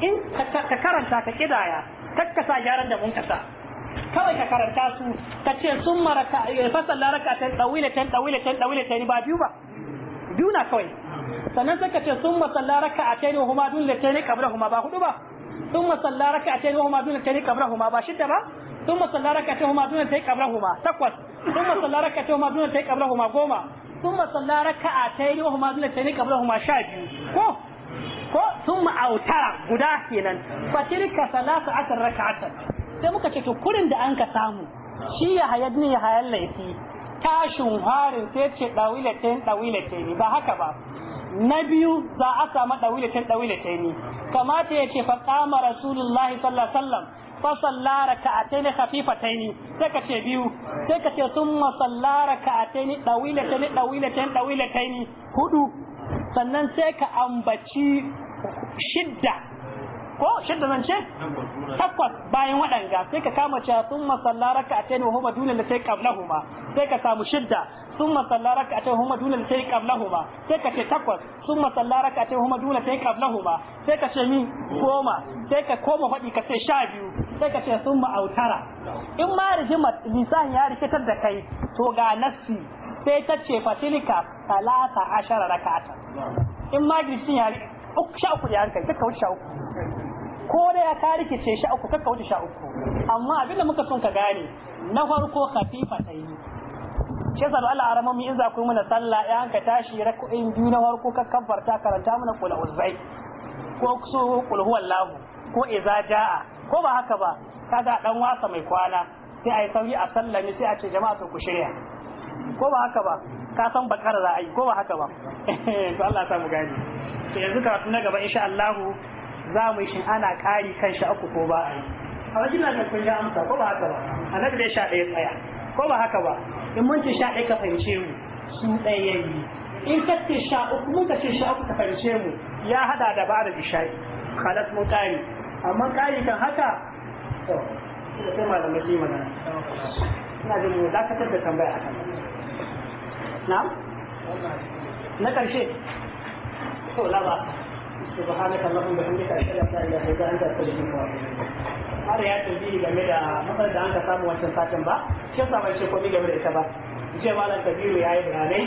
in ka karanta ka kidaya kakkasa gyaran da mun kasa kawai ka karanta su ka ce sun mara maraka eh, fasalla laraka ta ɗawila ni ɗawila ta ɗawila ni ba biyu ba biyu na kawai sannan sai ka ce sun masalla laraka a ta huma dun da ta ne kabla huma ba hudu ba thumma salla rak'atayn wa huma duna tani qabrahuma ba shidda ba thumma salla rak'atayn wa huma duna tani qabrahuma takwas thumma salla rak'atayn wa huma duna tani qabrahuma goma thumma salla rak'atayn wa huma duna tani qabrahuma sha biyu ko ko thumma autara guda kenan fa sai muka ce to kurin da an ka samu shi ya hayad ne ya laifi tashin harin sai ce ɗawilata ba haka ba na biyu za a samu ɗawilatin ɗawilatai ne kamata ya ce fa kama rasulullah sallallahu alaihi wasallam fa sallara ka'ataini khafifatain sai ka ce biyu sai ka ce sun thumma sallara ka'ataini ɗawilatain ɗawilatain ɗawilatain hudu sannan sai ka ambaci shidda ko shidda zan ce takwas bayan waɗanga sai ka kama cewa sun masalla raka atain wa huma da sai qablahuma sai ka samu shidda sun masalla raka atain huma da sai qablahuma sai ka ce takwas sun masalla raka atain huma dunal sai qablahuma sai ka ce mi goma sai ka koma faɗi ka ce sha biyu sai ka ce sun ma'autara in ma rijima lisan ya rikitar da kai to ga nassi sai ta ce fatilika talata ashara raka'ata in ma gishin ya uku sha uku da yankai ta wuce sha uku ko da ya ka rikice sha uku kakka wuce sha uku amma abin da muka son ka gane na farko khafifa yi. shi yasa Allah mu in za ku yi mana sallah ya hanka tashi rak'o'in biyu na farko ka farta karanta mana qul uzai ko su qul huwallahu ko idza jaa ko ba haka ba kaga dan wasa mai kwana sai ai sauyi a sallami sai a ce jama'a to ku shirya ko ba haka ba ka san bakar za a yi ko ba haka ba to Allah ya samu gani to yanzu karatu na gaba insha Allah za mu yi shin ana ƙari kan shi uku ko ba a yi a wajen nan kun ya amsa ko ba haka ba a nan ya sha ɗaya tsaya ko ba haka ba in mun ci sha ɗaya ka fahimce mu su ɗaya yayi in ka ce sha uku mun ka ce sha uku ka fahimce mu ya haɗa da ba da bishayi. halas mun ƙari amma ƙari kan haka to sai malamai yi magana ina jin mu dakatar da tambaya akan na'am na ƙarshe to laba subhanaka allahumma bihamdika ashhadu an la ilaha illa anta astaghfiruka wa atubu ya tambayi game da matsalar da an ka samu wancan satin ba shi yasa ban ce komai game da ita ba ce malam kabiru yayi bayanai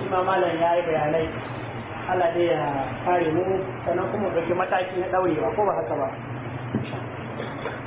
shi ma malam yayi bayanai Allah dai ya kare mu sannan kuma ɗauki mataki na ɗaurewa ko ba haka ba